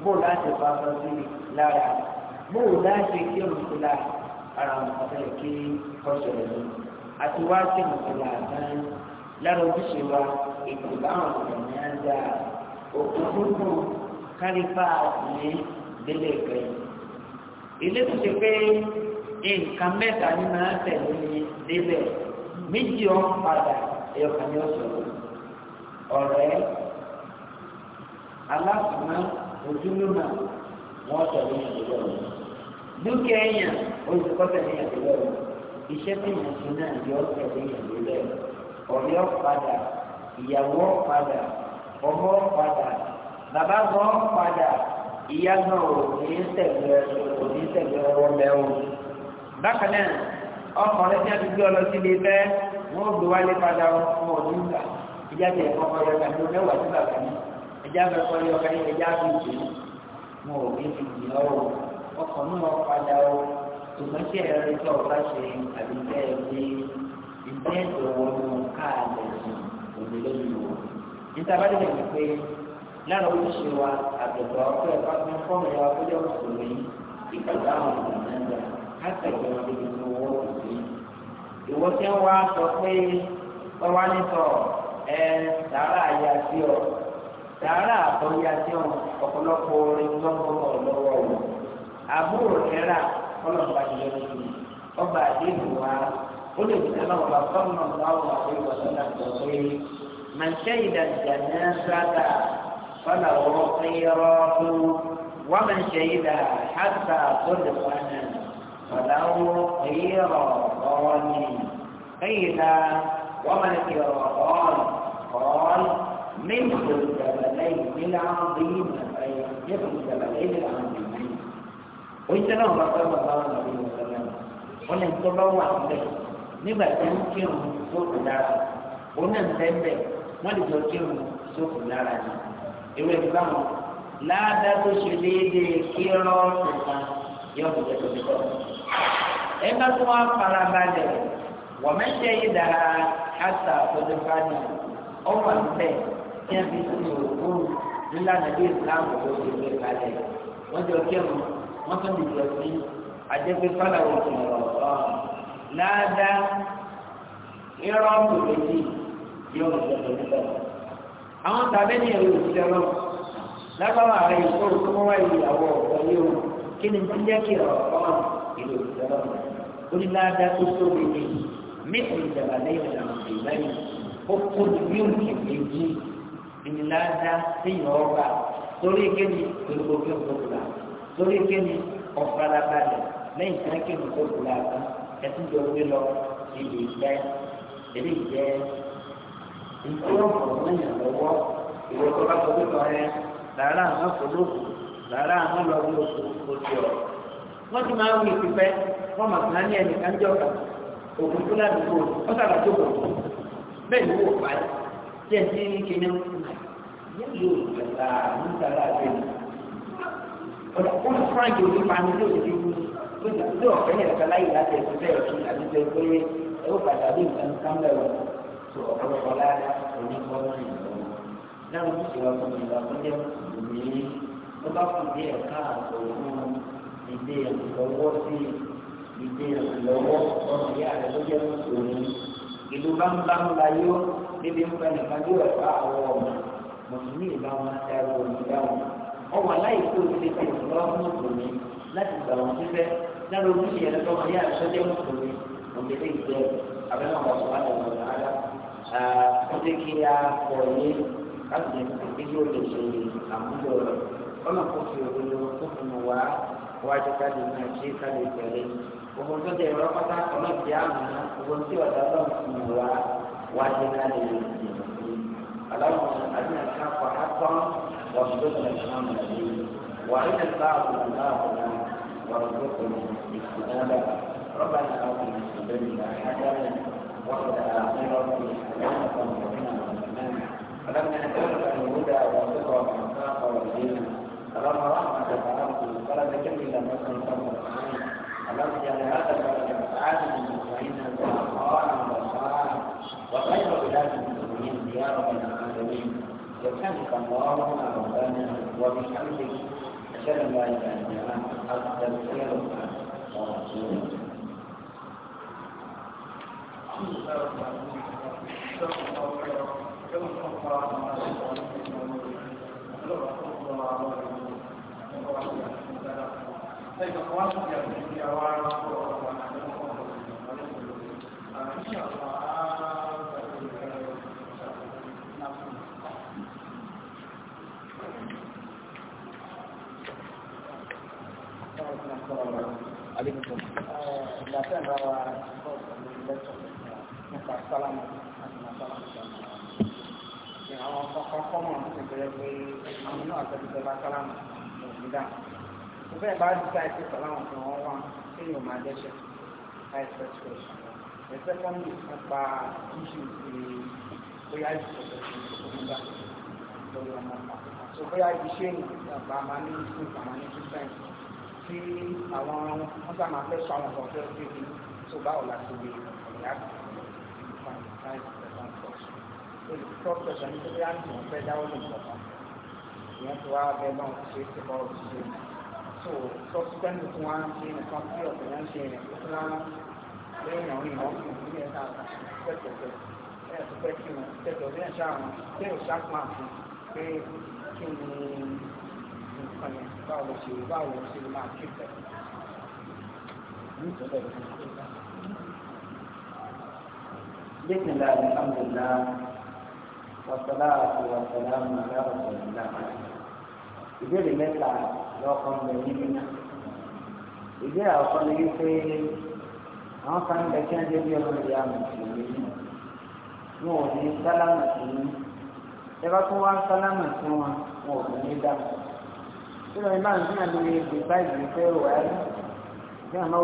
bóò láti fàfọ́ sí lára bóò láti kí òǹkùlà ara ọ̀fẹ́ kí ọ̀ṣẹ̀lẹ̀ lọ. àti wá sí òǹkùlà gan lára ojúṣe wa ìgbìmọ̀ àwọn ọ̀rọ̀ ní àjà òkú fúnfún kárípà àtìlẹ́yìn délé ìgbẹ́yìn ilé tó ṣe pé nǹkan mẹ́ta ní máa ń tẹ̀lé ní débẹ̀ méjì ọ̀ ń padà ẹ̀yọ̀kan ní ọ̀sọ̀ ọ̀rẹ́ aláṣùmá ojúlùmọ̀ wọ́n tẹ̀lé ní ìdílé ọ̀rẹ́ dúkìá èèyàn olùkọ́ tẹ̀lé ní ìdílé ọ̀rẹ́ iṣẹ́ tí èèyàn ṣe náà yọ tẹ̀lé ní ọ̀rẹ́ ọ̀padà ìyàwó ọ̀padà ọmọ ọ̀padà bàbá ọ̀padà ìyá náà ò ní tẹ̀lé ò ní tẹ̀lé ọwọ́ mẹ́wọ́. bákan náà ọkùnrin tí a ti gbé ọ lọ sí ilé fẹ́ wọ́n gbé wálé padà fún ọdún gbà ìjà tẹ̀ kọ́kọ́ yọ tàbí mẹ́wàá tí bàbá mi ìjà bẹ̀ kọ́ yọ káyé ìjà fi jù wọn ò ní fi jì ọ́ ọkàn náà padà ó tòmọ́ sí ẹ̀rọ tí ọba ṣe àbí bẹ́ẹ̀ ní ìbẹ́ẹ̀dọ̀ lára ojúṣe wa àgbẹ̀bọ̀ ọkọ̀ ẹ̀fọ́ fún fọ́ọ̀mù ẹ̀wà kọjá òṣèlú yìí ìpàdé àwọn ọ̀gbìn náà gbà láti ẹ̀jẹ̀ wọn débi tó wọ́ òṣèlú yìí. ìwọ tí wọn wá sọ pé ọwá nítọ ẹ sàárà ayé àti ọ sàárà àtọ́yé àti ọ ọ̀pọ̀lọpọ̀ orin lọ́wọ́ ọ̀lọ́wọ́ ọ̀wọ́ àbúrò kẹ́rà ọlọ́mọba ìlú ẹ̀sìn ọba àdéhùn wa ó lè فله خيرات ومن شهد حتى صدقنا فله خيران قيل وما خيرات قال من الجبلين العظيم أي من الجبلين العظيمين وإنت رسول الله صلى الله عليه وسلم قلنا انت الله عليه نبى تنكر سوء kírun sókè lára òun náà ń bẹ́ẹ̀ ìwé ìsìlámù ládàá tó ṣe déédéé kí rọ́ọ̀sì kan yọ bùjẹ́ tó ti kọ́. ẹ bá tún wá farabalẹ̀ wọ́n mẹ́tẹ́ yìí dára àtà àtọ́jú fáàdì ọmọ àtẹ kí wọ́n fi sínú òkú nílànà bí ìsìlámù tó ṣe gbé kalẹ̀ wọ́n jọ kírun wọ́n tún dìbò sí àjẹpẹ́ fáláwọ̀ tó lọ ọ̀rọ̀ ládàá irọ́ tó lè yí yọ bùjẹ́ tó àwọn tàbí ní ẹ̀rọ òṣìṣẹ́ lọ lágbára ààrẹ ìṣòro tó wọ́n wá ìyàwó ọ̀pọ̀ yìí o kí ni ti jẹ́ kí ọ̀pọ̀ ìlú òṣìṣẹ́ lọ ó ní láàdá tó tóbi ní mẹ́tò ìjàmbá lẹ́yìn ìlànà ìlẹ́yìn ó kó ní bí òkè méjì ní láàdá sẹ́yìn ọ̀gbà torí kéde gbogbo kí n tó kula torí kéde ọ̀farabalẹ̀ lẹ́yìn tí wọ́n kéde tó kula ẹ̀sìn jọ ìtura wọ́n máa ń wí ìpípẹ́ wọ́n mọ̀ sí ní ẹnì kan jọ̀ọ̀kan òkú tó ládùúgbò wọ́n sábà tó bọ̀ bẹ́ẹ̀ ni wò pa ẹ̀ tí ẹ̀ ní kíní yóò gbẹ̀dà nítorí àgbẹ̀ ni. ọ̀dà ó ń fún àjò nípa ní lóde bí lóde ọ̀fẹ́ yẹn kọ́láyè láti ẹ̀sìn bẹ́ẹ̀ kí àdúgbò ẹgbẹ́ ẹ̀ ó pàtàkì nǹkan sáńbẹ̀ wọn so ọ̀pọ̀lọpọ̀ lára onígbọ́nà ìlú náà wọ́n ti wọ́n fún ìlú àkọ́jẹ́ mi ló bá kù díẹ̀ káàtó fún ìdè ìlọ́wọ́ sí ìdè ìlọ́wọ́ ọmọ ìyá rẹ̀ ló jẹ́ mùsùlùmí ìlú bá ń bá ń la yó bíbí ń bá nìkan yóò ẹ̀fọ́ àwọ̀ ọ̀mà mùsùlùmí ìbá wọn ẹ̀rọ òmìnira wọn ọwọ́ aláìkú ti fi ìfọwọ́ mùsùlùmí láti gbà wọn síbẹ̀ lára ojúṣe ẹ̀rọ ọmọ ìyá rẹ̀ ló jẹ́ mùsùlùmí òmìnira ìjẹ́ abẹ́rẹ́ ọ̀pọ̀ ọdẹ kí a pọ̀ ní láti ẹgbẹ́ yóò lè ṣe àmúlò rẹ̀ ọ̀nà kò fi òdodo tó fún un wá wájú káde náà ṣe káde tẹ̀lé gbogbo tó dẹ̀ ẹ̀rọ pátá ọ̀nà ìdí àmì gbogbo tí ọ̀dà bá ń fún un wá wájú káde tẹ̀lé aláwọ̀ àti àkàkọ̀ àtọ́n wàlúùdókòlù ìsìlámù yìí wàlúùdókòlù ìsìlámù náà wàlúùdókòlù ìsìlámù ربنا آتنا في الدنيا حسنة والآخرة حسنة وقنا عذاب فلما نكرت الهدى والرضا والنفاق والدين فلما رحمة فأرضي فلم تكمل نفسا قبل الرحمن ألم يجعل هذا البلد سعادة مطمئنة وأقوالا وصالحا وخير بلاد المسلمين ديار بين العالمين سبحانك اللهم ربنا وبحمدك أشهد أن لا إله إلا أنت أستغفرك ورسولك عليكم nípa sálámù àti màsálámù sálámù àwọn ọkọ̀ kọ́mọ̀ ti bẹ̀rẹ̀ pé àwọn náà àtẹ̀tẹ̀ bá sálámù òmìnira mo fẹ́ bá dúdú àìsí sálámù tí wọ́n wà sí yóò máa dẹ́sẹ̀ àìsẹ̀ tó ṣe sẹ́kọ́ndì nípa iṣu ti bóyá ìṣòro ìṣòro lórí ọmọ ọmọ àti bóyá iṣẹ́ ìgbà máa ní ìṣú àwọn ní sísẹ́ǹ tí àwọn wọ́n sá máa fẹ́ sọ àwọn ọ̀dọ́ tó ṣe kí tó bá ọ̀la ti gbé ìyá kan olùkọ́ sọ̀rọ̀ nítorí àǹtí wọn fẹ́ dáwọ́ lè pọ̀ kan ìyẹn tó wá abẹ́ náà ṣe é ti bọ́ ọ̀tún ṣe so subsequently tí wọ́n á ṣe nǹkan tí ọ̀tún yẹn ṣe yẹn tó tún á lẹ́yìn àwọn ìmọ̀ ọ̀tún ní ẹ̀ka pẹ̀tẹ̀pẹ̀ ẹ̀ tó pẹ́ kí wọn pẹ̀tẹ̀ ọ̀dẹ́ ẹ̀ṣá wọn pé òṣà pa àfún pé kí ni nǹkan yẹn báwo ṣe báwo ṣe máa kí pẹ̀. بسم الله الحمد لله والصلاة والسلام على رسول الله ìbéèrè mẹ́ta lọ́kàn lè ní nínú ìbéèrè àwọn ọ̀nà yìí pé àwọn kan lè kí wọ́n débi ọmọ ìyá mùsùlùmí wọn ò ní sálámà sí ní ẹ bá tún wá sálámà sí wọn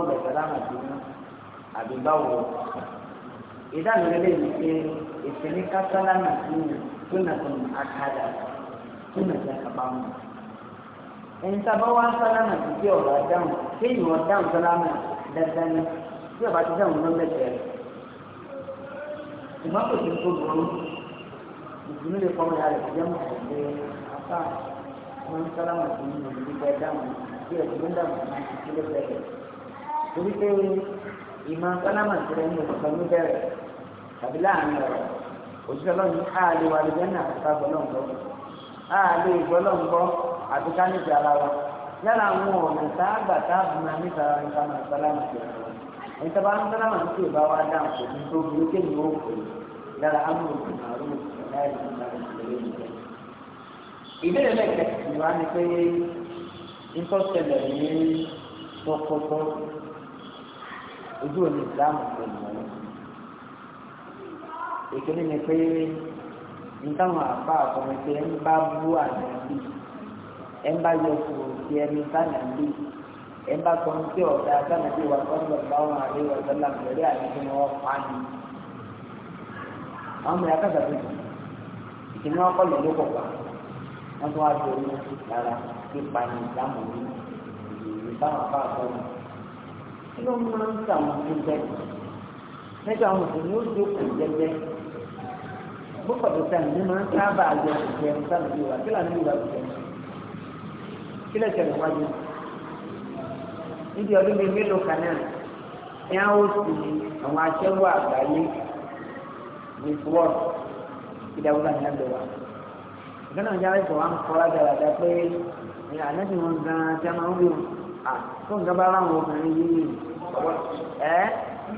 wọn ò ìdáhùn ilé ìpè ìpèní kásálà náà ní túnàtún àkàdà túnàtún àkàbámu. ẹnìtàbá wá sálà náà ti di ọ̀rọ̀ àdáhùn kéèyàn ọ̀dáhùn sálà náà dáadáa ní bí ọba ti dáhùn lọ́mọ ẹ̀jẹ̀ rẹ̀. ìmọ̀ kò sí kó burú ìdùnnú lè fọwọ́ ya rẹ̀ jẹ́ mọ̀ ẹ̀ apá wọn sálà náà ti ní ìdílé dáhùn bí ẹ̀jẹ̀ ń dáhùn náà ti kílẹ̀ bẹ̀rẹ̀ ìmọ̀ sálámà ti rẹ̀ nínú kankan ló bẹ̀rẹ̀ tàbí láàrin ọ̀rọ̀ òṣìṣẹ́ lọ́nà àlè wà lè jẹ́nà àtúntà gbọ́lọ́ǹgbọ́ àlè gbọ́lọ́ǹgbọ́ àti ká níbi ara wa yálà àwọn ọ̀nà sáàgbà táàbù máa níta ara níta máa sálámà ti rẹ̀ ẹni tó bá ń sálámà ní tí ìbá wa dáhùn kò ní tó burú kéèmí ó kò yára amúlùkù màrún láì ìbéèrè lẹ́kẹ̀ẹ́ ojú òní ìsìlámù pẹ̀lú ọ̀rọ̀ ìkíní ni pé nítawọn àbá àkọmọ̀tẹ́ ń bá bú àdàbí ẹ̀ ń bá yọ kúrò sí ẹni sànàbí ẹ̀ ń bá sọ ní tí ọ̀gá sànàbí wà sọ́dọ̀ báwọn àríwá sọ́lá pẹ̀lú àdúgbò ni wọ́n pa ni. àwọn mìíràn kàtà tó dùn ìkíní wọn kọ́ lọ́dún pọ̀ wọ́n tún wá di orí lára pípa ní ìsìlámù yìí ìbáwọn àbá àkọmọ̀tẹ́ kí ló máa ń ta àwọn tó jẹ nígbà àwọn òṣèlú ó jókòó jẹjẹ gbọ́kọ̀dọ̀ tá ní máa ń sábà yọ ìjẹ sábàbí wa kí làwọn ìwà ìjẹ kí lè ṣẹlẹ̀ wájú níbi ọdún bíi mélòó kan náà ní àwọn òsì àwọn aṣẹ́wó àgbáyé with word ní àgbẹ̀wá ìgbẹ́ náà jáde sọ ń kọ́ lágbàlagbà pé ànábì wọn gan-an tí máa ń wí Ah, tó nǹkan bá ráwọn obìnrin yìí ni ẹ́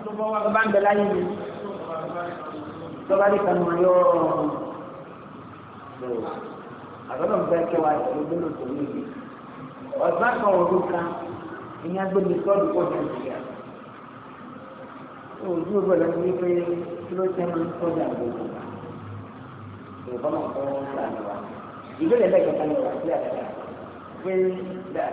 tó bá ń bẹ láyé ni tó bá dìkan mọ yóò rọrùn àtọ́nà ń bẹ kẹwàá ìṣẹ̀lẹ̀ gbẹ́nà tó ní ibi ọ̀sán kan ọdún kan ìyẹn agbẹ́ni sọ́ọ̀dù pọ̀ nàìjíríà ojú ọgbà lọ sí pé kí ló tẹ́ máa ń sọ́jà gbogbo ìbọn ọ̀sán wọn sáà lọ wa ìbéèrè lẹ́gbẹ̀ẹ́ kan lọ wà sí àgbà pé dáa.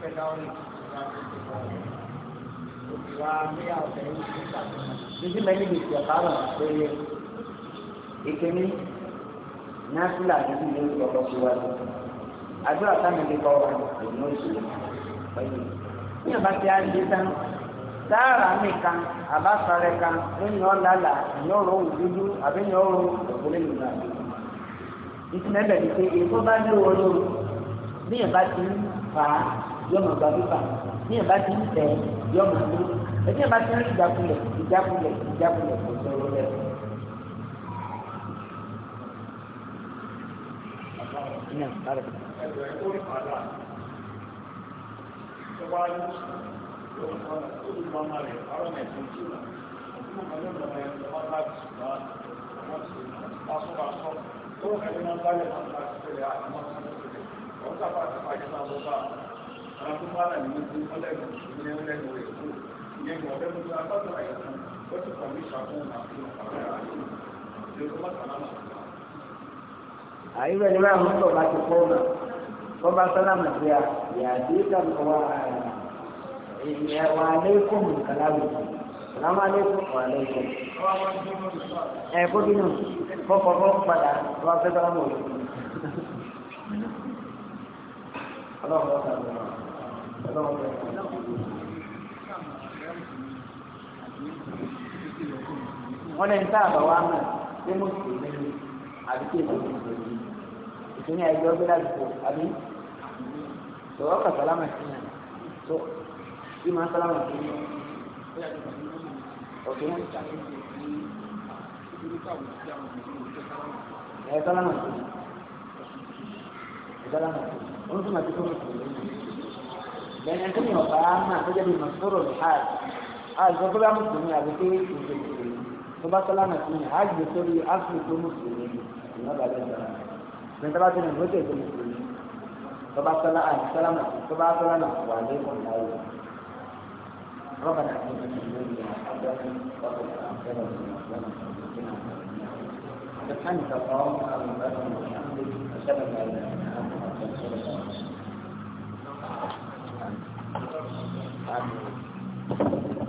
Bíbí mẹ́lí lè ṣe ọ̀kárọ̀ pẹ̀lú ìkíní násìlà bíbí lè ṣe ọ̀kọ́ síwájú. Àdúrà sáàmì lè kọ́ wọn ìlú ìṣòro pẹ̀lú. Ní ọba tí a ń dé tán, sáàrà mi kan, àbáfarẹ kan, lóyún ọ̀làlà, ìyẹn ọ̀rọ̀ òwú dúdú, àbí ìyẹn ọ̀rọ̀ òkúlẹ̀ ìlú àbí. Ìtumẹ̀bẹ̀ ni pé èkó bá dé orí bí ìbá ti ń fà á yọmọ gba fífà ní ìbá ti ń tẹ yọmọ ní ẹtí ìbá ti ń rí ìjákulẹ̀ ìjákulẹ̀ ìjákulẹ̀ kò sọ̀rọ̀ lẹ̀. Thank you àwọn tó bá rẹ̀ nínú fún ọlẹ́gbẹ̀ẹ́ ìṣúná ẹlẹ́gbẹ̀ẹ́ èkó ìyẹn ìwọ̀n fẹ́ mú agbọ́dọ̀ àyẹ̀kún ó ti kọ̀ ní ìṣàkóhùn àti ọ̀pọ̀lọpọ̀ àyè ìṣèkó mọ́sálàmà. àyè rẹ̀ ni máa ń sọ̀rọ̀ láti fọ́ọ̀nà wọ́n bá sálámà sí a yàtí ìdàgbọ̀ wa ìyẹn wà lẹ́kùn kàlábù sàlámà lẹ́kùn wà lẹ́kùn. ẹ kó bínú kọ́kọ́ kọ́ padà wọ́n fẹ́ sálámà òyìnbó. ọlọ́run ọ̀sán ló wà wọ́n lẹ́yìn tá a bá wá mọ̀ pé mo sì lè lè àbí kí èso mi lè lè ìpínlẹ̀ ẹgbẹ́ ọgbẹ́ ládùúgbò àbí sọ̀rọ̀ kà sálámà sí yàn tó bí máa sálámà sí yàn. ọ̀kẹ́ ẹ̀ sálámà sí ẹ̀ sálámà sí yàn ó ń tún àti kó mi sì lè lè. لأن عندما فأما فجد المسرور الحال قال فطلع مسلم يا بكي فبطل مسلم حاج بسوري أصل آه، مسلمين الله بعد السلام من تبعت الهوجة المسلمين فبطل السلام فبطل الله ربنا أعطينا من الدنيا حسنة وقنا عذاب النار سبحانك اللهم وبحمدك أشهد أن لا إله Amen. Um,